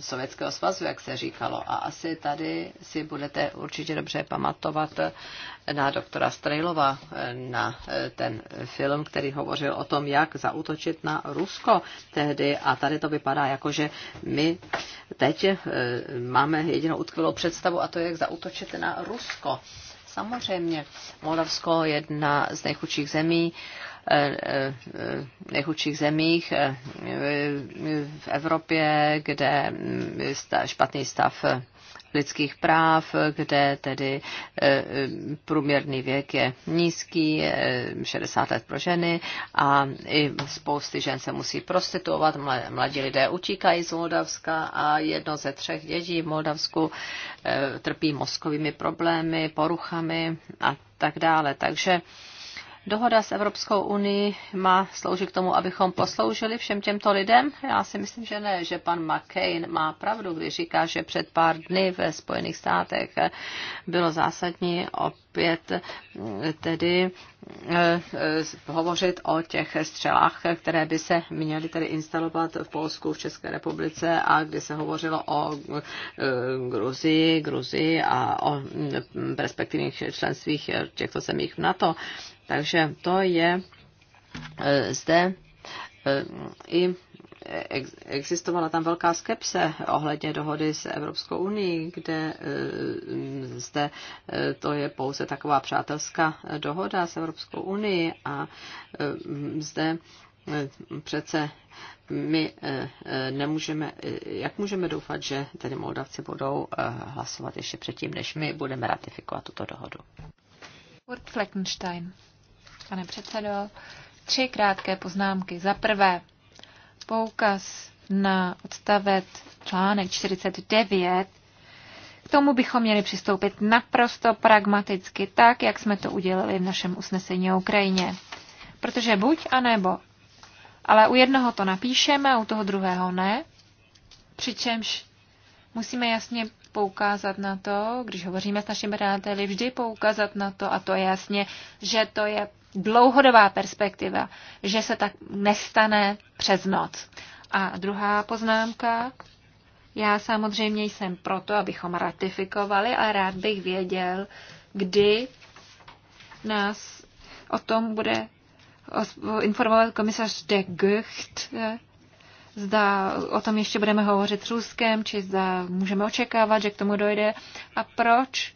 Sovětského svazu, jak se říkalo. A asi tady si budete určitě dobře pamatovat eh, na doktora Strejlova, eh, na ten film, který hovořil o tom, jak zautočit na Rusko tehdy. A tady to vypadá jako, že my teď máme jedinou utkvělou představu a to je, jak zautočit na Rusko. Samozřejmě, Moldavsko je jedna z nejchudších zemí, eh, eh, nejchudších zemích eh, v Evropě, kde mm, je špatný stav lidských práv, kde tedy e, e, průměrný věk je nízký, 60 let pro ženy a i spousty žen se musí prostituovat, mladí lidé utíkají z Moldavska a jedno ze třech dětí v Moldavsku e, trpí mozkovými problémy, poruchami a tak dále. Takže Dohoda s Evropskou unii má sloužit k tomu, abychom posloužili všem těmto lidem? Já si myslím, že ne, že pan McCain má pravdu, když říká, že před pár dny ve Spojených státech bylo zásadní opět eh, tedy eh, hovořit o těch střelách, které by se měly tedy instalovat v Polsku, v České republice a kdy se hovořilo o eh, Gruzii, Gruzii a o mm, perspektivních členstvích těchto zemích v NATO. Takže to je zde i existovala tam velká skepse ohledně dohody s Evropskou unii, kde e, zde e, to je pouze taková přátelská dohoda s Evropskou unii a e, zde přece my nemůžeme, jak můžeme doufat, že tedy Moldavci budou hlasovat ještě předtím, než my budeme ratifikovat tuto dohodu. Kurt Fleckenstein. Pane předsedo, tři krátké poznámky. Za prvé, poukaz na odstavec článek 49, k tomu bychom měli přistoupit naprosto pragmaticky, tak, jak jsme to udělali v našem usnesení o Ukrajině. Protože buď a nebo. Ale u jednoho to napíšeme, u toho druhého ne. Přičemž musíme jasně poukázat na to, když hovoříme s našimi přáteli, vždy poukázat na to, a to jasně, že to je dlouhodobá perspektiva, že se tak nestane přes noc. A druhá poznámka. Já samozřejmě jsem proto, abychom ratifikovali, a rád bych věděl, kdy nás o tom bude informovat komisař de Gucht, eh, zda o tom ještě budeme hovořit s Ruskem, či zda můžeme očekávat, že k tomu dojde a proč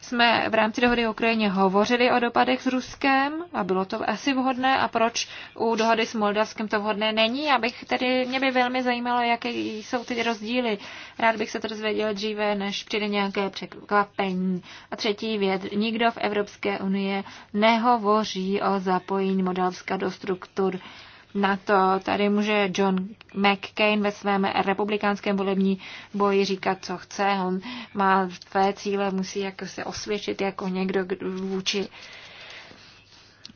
jsme v rámci dohody o Ukrajině hovořili o dopadech s Ruskem a bylo to asi vhodné a proč u dohody s Moldavskem to vhodné není. Abych tedy, mě by velmi zajímalo, jaké jsou ty rozdíly. Rád bych se to dozvěděl dříve, než přijde nějaké překvapení. A třetí věc, nikdo v Evropské unii nehovoří o zapojení Moldavska do struktur na to. Tady může John McCain ve svém republikánském volební boji říkat, co chce. On má své cíle, musí jako se osvědčit jako někdo vůči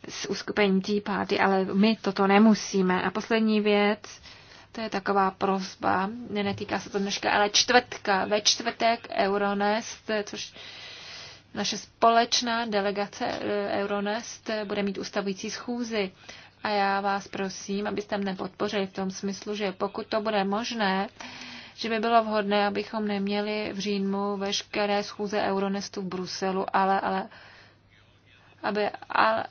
z uskupení Tea Party, ale my toto nemusíme. A poslední věc, to je taková prozba, netýká se to dneška, ale čtvrtka, ve čtvrtek Euronest, což naše společná delegace eh, Euronest bude mít ustavující schůzi a já vás prosím, abyste mě nepodpořili v tom smyslu, že pokud to bude možné, že by bylo vhodné, abychom neměli v říjnu veškeré schůze Euronestu v Bruselu, ale, ale aby ale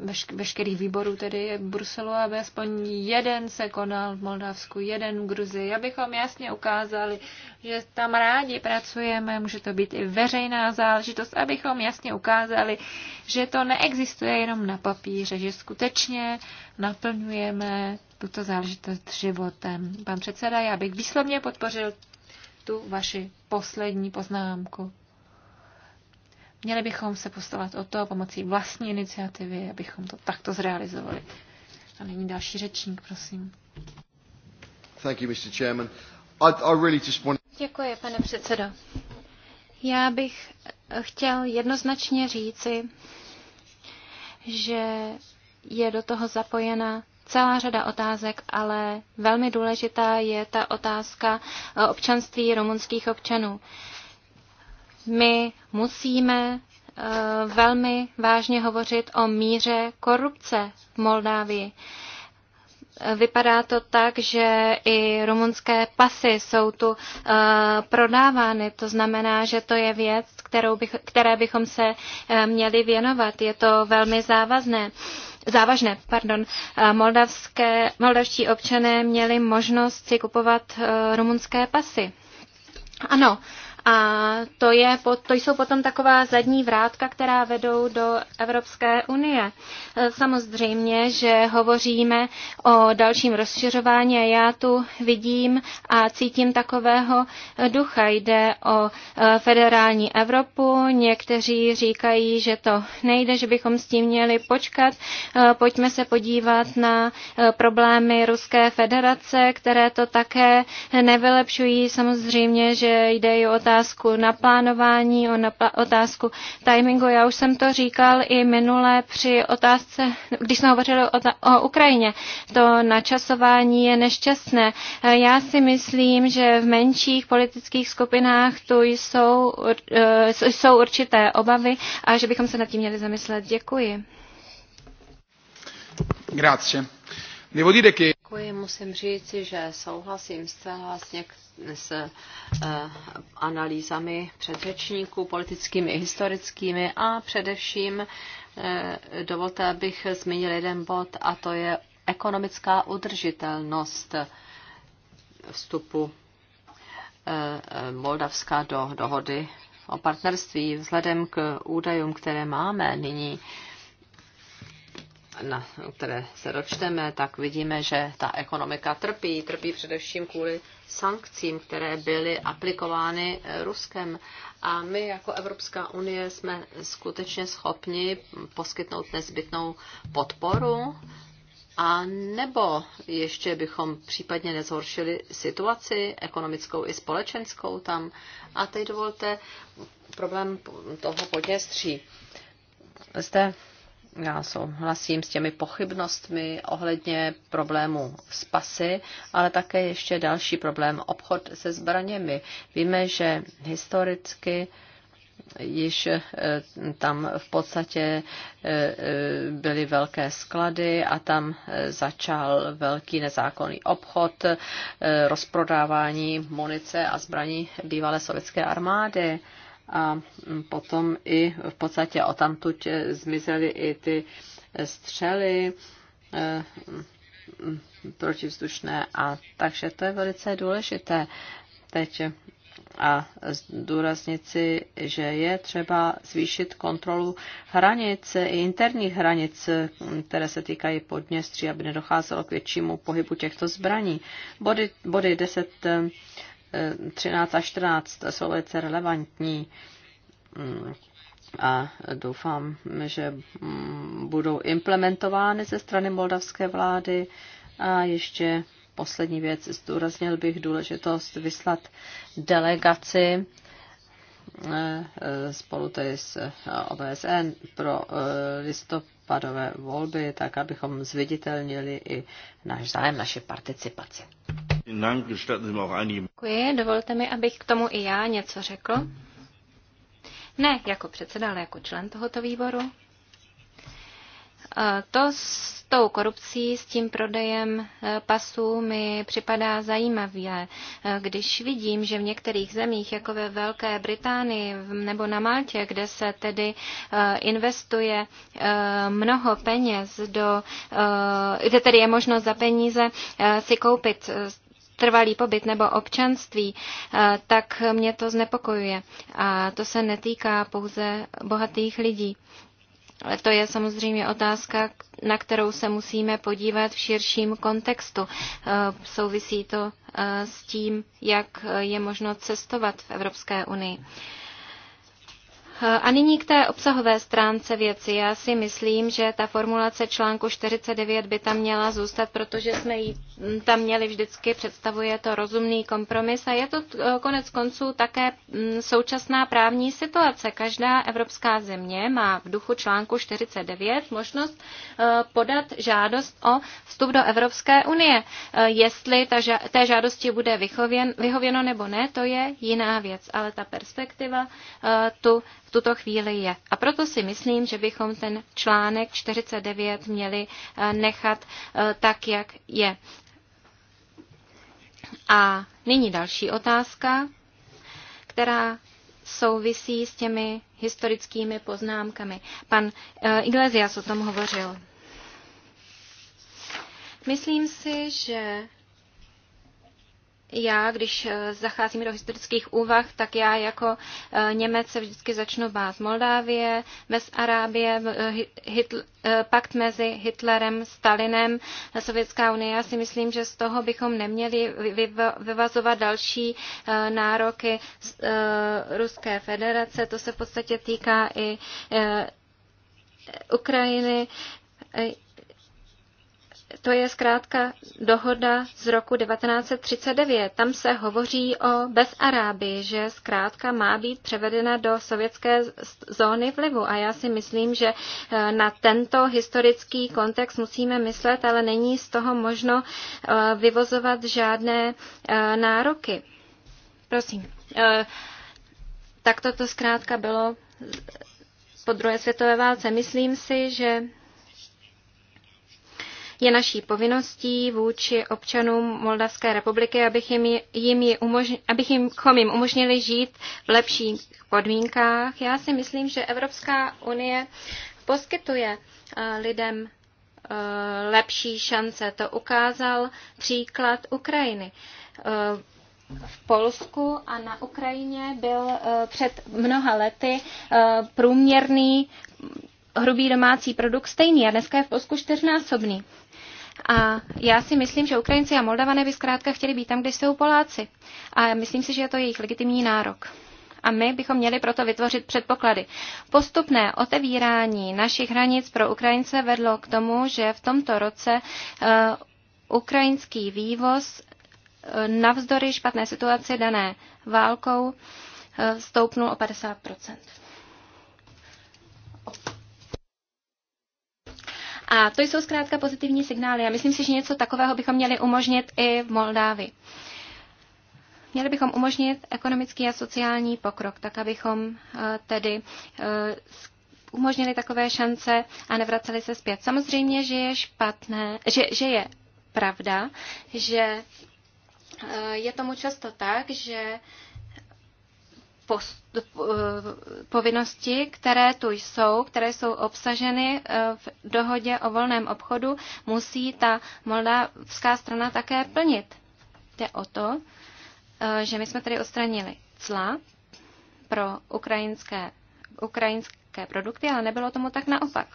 vešk- veškerých výborů tedy v Bruselu, aby aspoň jeden se konal v Moldavsku, jeden v Gruzii, abychom jasně ukázali, že tam rádi pracujeme, může to být i veřejná záležitost, abychom jasně ukázali, že to neexistuje jenom na papíře, že skutečně naplňujeme tuto záležitost životem. Pan předseda, já bych výslovně podpořil tu vaši poslední poznámku. Měli bychom se postarat o to pomocí vlastní iniciativy, abychom to takto zrealizovali. A nyní další řečník, prosím. Thank you, Mr. Chairman. I, I really just want... Děkuji, pane předsedo. Já bych chtěl jednoznačně říci, že je do toho zapojena celá řada otázek, ale velmi důležitá je ta otázka eh, občanství rumunských občanů. My musíme eh, velmi vážně hovořit o míře korupce v Moldávii. Vypadá to tak, že i rumunské pasy jsou tu eh, prodávány. To znamená, že to je věc, kterou bych, které bychom se eh, měli věnovat. Je to velmi závazné závažné. Pardon. Moldavské, moldavští občané měli možnost si kupovat rumunské pasy. Ano, a to, je, to jsou potom taková zadní vrátka, která vedou do Evropské unie. E, samozřejmě, že hovoříme o dalším rozšiřování a já tu vidím a cítím takového ducha. Jde o e, federální Evropu. Někteří říkají, že to nejde, že bychom s tím měli počkat. E, pojďme se podívat na problémy Ruské federace, které to také nevylepšují. Samozřejmě, že jde i o otázku otázku naplánování, o napl- otázku timingu. Já už jsem to říkal i minule při otázce, když jsme hovořili o, o Ukrajině. To načasování je nešťastné. Já si myslím, že v menších politických skupinách tu jsou, eh, jsou určité obavy a že bychom se nad tím měli zamyslet. Děkuji. Grazie. Devo dire che... Děkuji, musím říci, že souhlasím zcela s, něk- s e, analýzami předřečníků, politickými i historickými a především eh, dovolte, abych zmínil jeden bod a to je ekonomická udržitelnost vstupu eh, Moldavska do dohody o partnerství. Vzhledem k údajům, které máme nyní, na které se dočteme, tak vidíme, že ta ekonomika trpí. Trpí především kvůli sankcím, které byly aplikovány eh, Ruskem. A my jako Evropská unie jsme skutečně schopni poskytnout nezbytnou podporu a nebo ještě bychom případně nezhoršili situaci ekonomickou i společenskou tam. A teď dovolte problém toho podněstří. Zde já souhlasím s těmi pochybnostmi ohledně problému s pasy, ale také ještě další problém obchod se zbraněmi. Víme, že historicky již e, tam v podstatě e, e, byly velké sklady a tam začal velký nezákonný obchod, rozprodávání munice a zbraní bývalé sovětské armády a potom i v podstatě odtamtud zmizely i ty střely eh, protivzdušné a takže to je velice důležité teď a zdůraznit si, že je třeba zvýšit kontrolu hranic, i interních hranic, které se týkají podměstří, aby nedocházelo k většímu pohybu těchto zbraní. Body, body 10 13 a 14 jsou velice relevantní mm, a doufám, že mm, budou implementovány ze strany moldavské vlády. A ještě poslední věc, zdůraznil bych důležitost vyslat delegaci eh, eh, spolu tedy s eh, OBSN pro listopadové volby, tak abychom zviditelnili i náš zájem, naši participaci. Děkuji, dovolte mi, abych k tomu i já něco řekl. Ne jako předseda, ale jako člen tohoto výboru. E, to s tou korupcí, s tím prodejem e, pasů mi připadá zajímavé. E, když vidím, že v některých zemích, jako ve Velké Británii nebo na Maltě, kde se tedy investuje mnoho peněz do, kde tedy je možnost za peníze si koupit trvalý pobyt nebo občanství, eh, tak mě to znepokojuje. A to se netýká pouze bohatých lidí. To je samozřejmě otázka, na kterou se musíme podívat v širším kontextu. Eh, souvisí to eh, s tím, jak je možno cestovat v Evropské unii. Eh, a nyní k té obsahové stránce věci. Já si myslím, že ta formulace článku 49 by tam měla zůstat, protože jsme ji hm, tam měli vždycky, představuje to rozumný kompromis a je to eh, konec konců také hm, současná právní situace. Každá evropská země má v duchu článku 49 možnost eh, podat žádost o vstup do Evropské unie. Jestli ta, té žádosti bude vyhověn, vyhověno nebo ne, to je jiná věc, ale ta perspektiva tu v tuto chvíli je. A proto si myslím, že bychom ten článek 49 měli eh, nechat eh, tak, jak je. A nyní další otázka, která souvisí s těmi historickými poznámkami. Pan eh, Iglesias o tom hovořil. Myslím si, že já, když eh, zacházím do historických úvah, tak já jako eh, Němec se vždycky začnu bát Moldávie, Mez Arábie, eh, Hitl, pakt mezi Hitlerem, Stalinem, Sovětská unie. Já si myslím, že z toho bychom neměli vyvazovat další nároky z Ruské federace. To se v podstatě týká i Ukrajiny to je zkrátka dohoda z roku 1939. Tam se hovoří o Bezarábii, že zkrátka má být převedena do sovětské zóny vlivu. A já si myslím, že eh, na tento historický kontext musíme myslet, ale není z toho možno eh, vyvozovat žádné eh, nároky. Prosím. Tak toto zkrátka bylo po druhé světové válce. Myslím si, že je naší povinností vůči občanům Moldavské republiky, abych jim, jim, ji umožn, abych jim, jim umožnili žít v lepších podmínkách. Já si myslím, že Evropská unie poskytuje eh, lidem eh, lepší šance. To ukázal příklad Ukrajiny. Eh, v Polsku a na Ukrajině byl před mnoha lety průměrný hrubý domácí produkt stejný a dneska je v Polsku čtyřnásobný. A já si myslím, že Ukrajinci a Moldavané by zkrátka chtěli být tam, kde jsou Poláci. A myslím si, že je to jejich legitimní nárok. A my bychom měli proto vytvořit předpoklady. Postupné otevírání našich hranic pro Ukrajince vedlo k tomu, že v tomto roce uh, ukrajinský vývoz uh, navzdory špatné situaci dané válkou uh, stoupnul o 50 A to jsou zkrátka pozitivní signály. Já myslím si, že něco takového bychom měli umožnit i v Moldávii. Měli bychom umožnit ekonomický a sociální pokrok, tak abychom eh, tedy eh, umožnili takové šance a nevraceli se zpět. Samozřejmě, že je špatné, že, že je pravda, že eh, je tomu často tak, že post, eh, povinnosti, které tu jsou, které jsou obsaženy eh, v dohodě o volném obchodu, musí ta moldavská strana také plnit. Jde o to, eh, že my jsme tady odstranili cla pro ukrajinské, ukrajinské produkty, ale nebylo tomu tak naopak.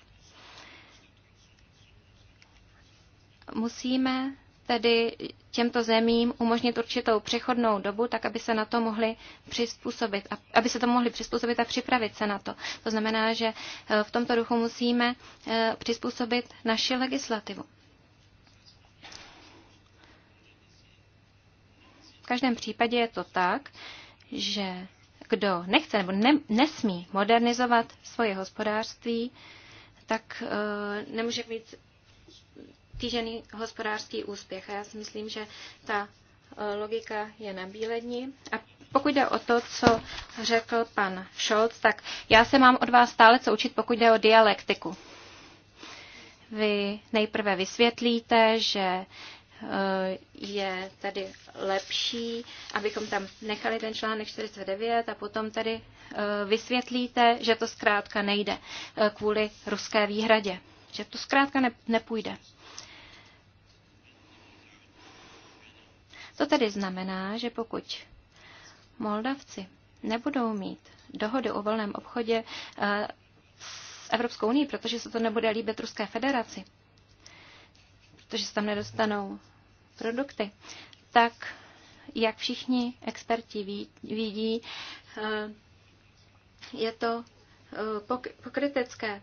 Musíme tedy těmto zemím umožnit určitou přechodnou dobu, tak aby se na to mohli přizpůsobit, aby se to mohli přizpůsobit a připravit se na to. To znamená, že e, v tomto duchu musíme e, přizpůsobit naši legislativu. V každém případě je to tak, že kdo nechce nebo ne, nesmí modernizovat svoje hospodářství, tak uh, nemůže mít kýžený hospodářský úspěch. A já si myslím, že ta e, logika je na bílední. A pokud jde o to, co řekl pan Scholz, tak já se mám od vás stále co učit, pokud jde o dialektiku. Vy nejprve vysvětlíte, že e, je tady lepší, abychom tam nechali ten článek 49 a potom tady e, vysvětlíte, že to zkrátka nejde kvůli ruské výhradě. Že to zkrátka nepůjde. To tedy znamená, že pokud Moldavci nebudou mít dohody o volném obchodě eh, s Evropskou unii, protože se to nebude líbit Ruské federaci, protože se tam nedostanou produkty, tak jak všichni experti vidí, eh, je to eh, pokrytecké.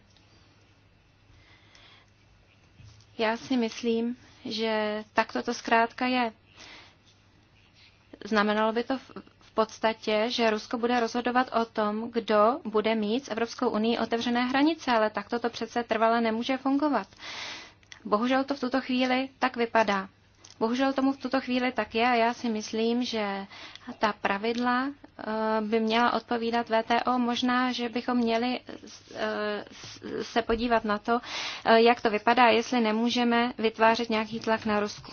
Já si myslím, že takto to zkrátka je znamenalo by to v podstatě, že Rusko bude rozhodovat o tom, kdo bude mít s Evropskou unii otevřené hranice, ale takto to přece trvale nemůže fungovat. Bohužel to v tuto chvíli tak vypadá. Bohužel tomu v tuto chvíli tak je a já si myslím, že ta pravidla eh, by měla odpovídat VTO. Možná, že bychom měli eh, se podívat na to, eh, jak to vypadá, jestli nemůžeme vytvářet nějaký tlak na Rusku.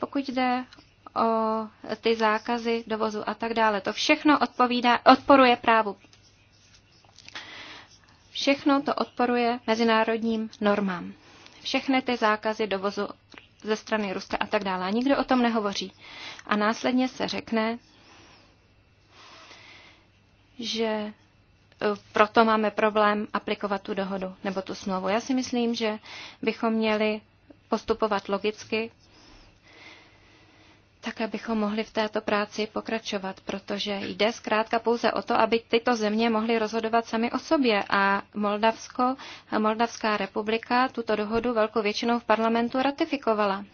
Pokud jde o ty zákazy dovozu a tak dále. To všechno odpovídá, odporuje právu. Všechno to odporuje mezinárodním normám. Všechny ty zákazy dovozu ze strany Ruska a tak dále. A nikdo o tom nehovoří. A následně se řekne, že eh, proto máme problém aplikovat tu dohodu nebo tu smlouvu. Já si myslím, že bychom měli postupovat logicky, tak abychom mohli v této práci pokračovat, protože jde zkrátka pouze o to, aby tyto země mohly rozhodovat sami o sobě a Moldavsko, Moldavská republika tuto dohodu velkou většinou v parlamentu ratifikovala.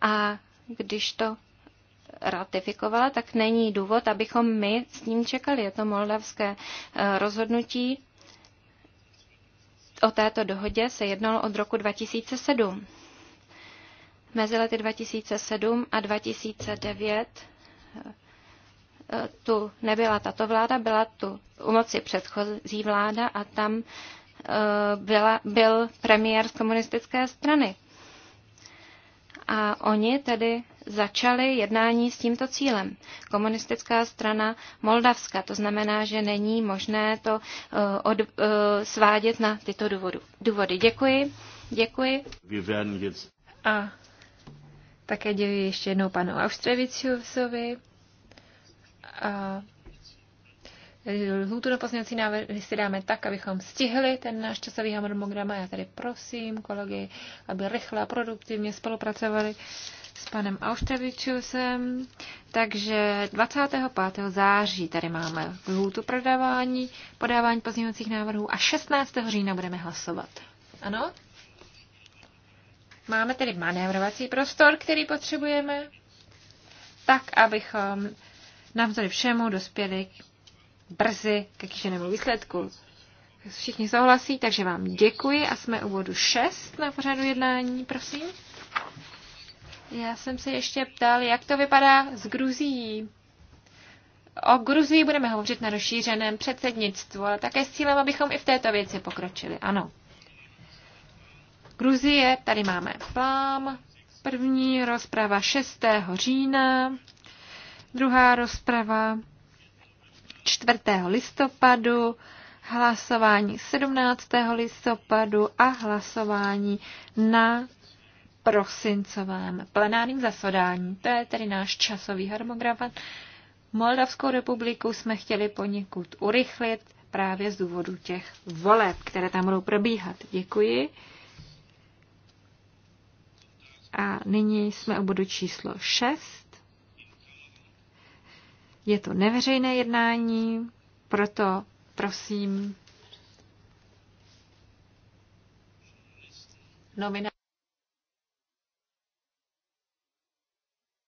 A když to ratifikovala, tak není důvod, abychom my s ním čekali. Je to moldavské eh, rozhodnutí. O této dohodě se jednalo od roku 2007. Mezi lety 2007 a 2009 eh, tu nebyla tato vláda, byla tu u moci předchozí vláda a tam eh, byla, byl premiér z komunistické strany. A oni tedy začali jednání s tímto cílem. Komunistická strana Moldavska, to znamená, že není možné to uh, od, uh, svádět na tyto důvody. Děkuji, děkuji. A také děkuji ještě jednou panu Austrevicovi. A lhůtu na pozměňovací návrhy si dáme tak, abychom stihli ten náš časový harmonogram. já tady prosím kolegy, aby rychle a produktivně spolupracovali s panem Auštrevičusem. Takže 25. září tady máme lhůtu prodávání, podávání pozměňovacích návrhů a 16. října budeme hlasovat. Ano? Máme tedy manévrovací prostor, který potřebujeme, tak abychom navzdory všemu dospěli brzy ke kýženému výsledku. Všichni souhlasí, takže vám děkuji a jsme u bodu 6 na pořadu jednání, prosím. Já jsem se ještě ptal, jak to vypadá s Gruzií. O Gruzii budeme hovořit na rozšířeném předsednictvu, ale také s cílem, abychom i v této věci pokročili. Ano. Gruzie, tady máme plám, první rozprava 6. října, druhá rozprava 4. listopadu, hlasování 17. listopadu a hlasování na prosincovém plenárním zasedání. To je tedy náš časový harmograf. Moldavskou republiku jsme chtěli poněkud urychlit právě z důvodu těch voleb, které tam budou probíhat. Děkuji. A nyní jsme u bodu číslo 6. Je to neveřejné jednání, proto prosím nominace.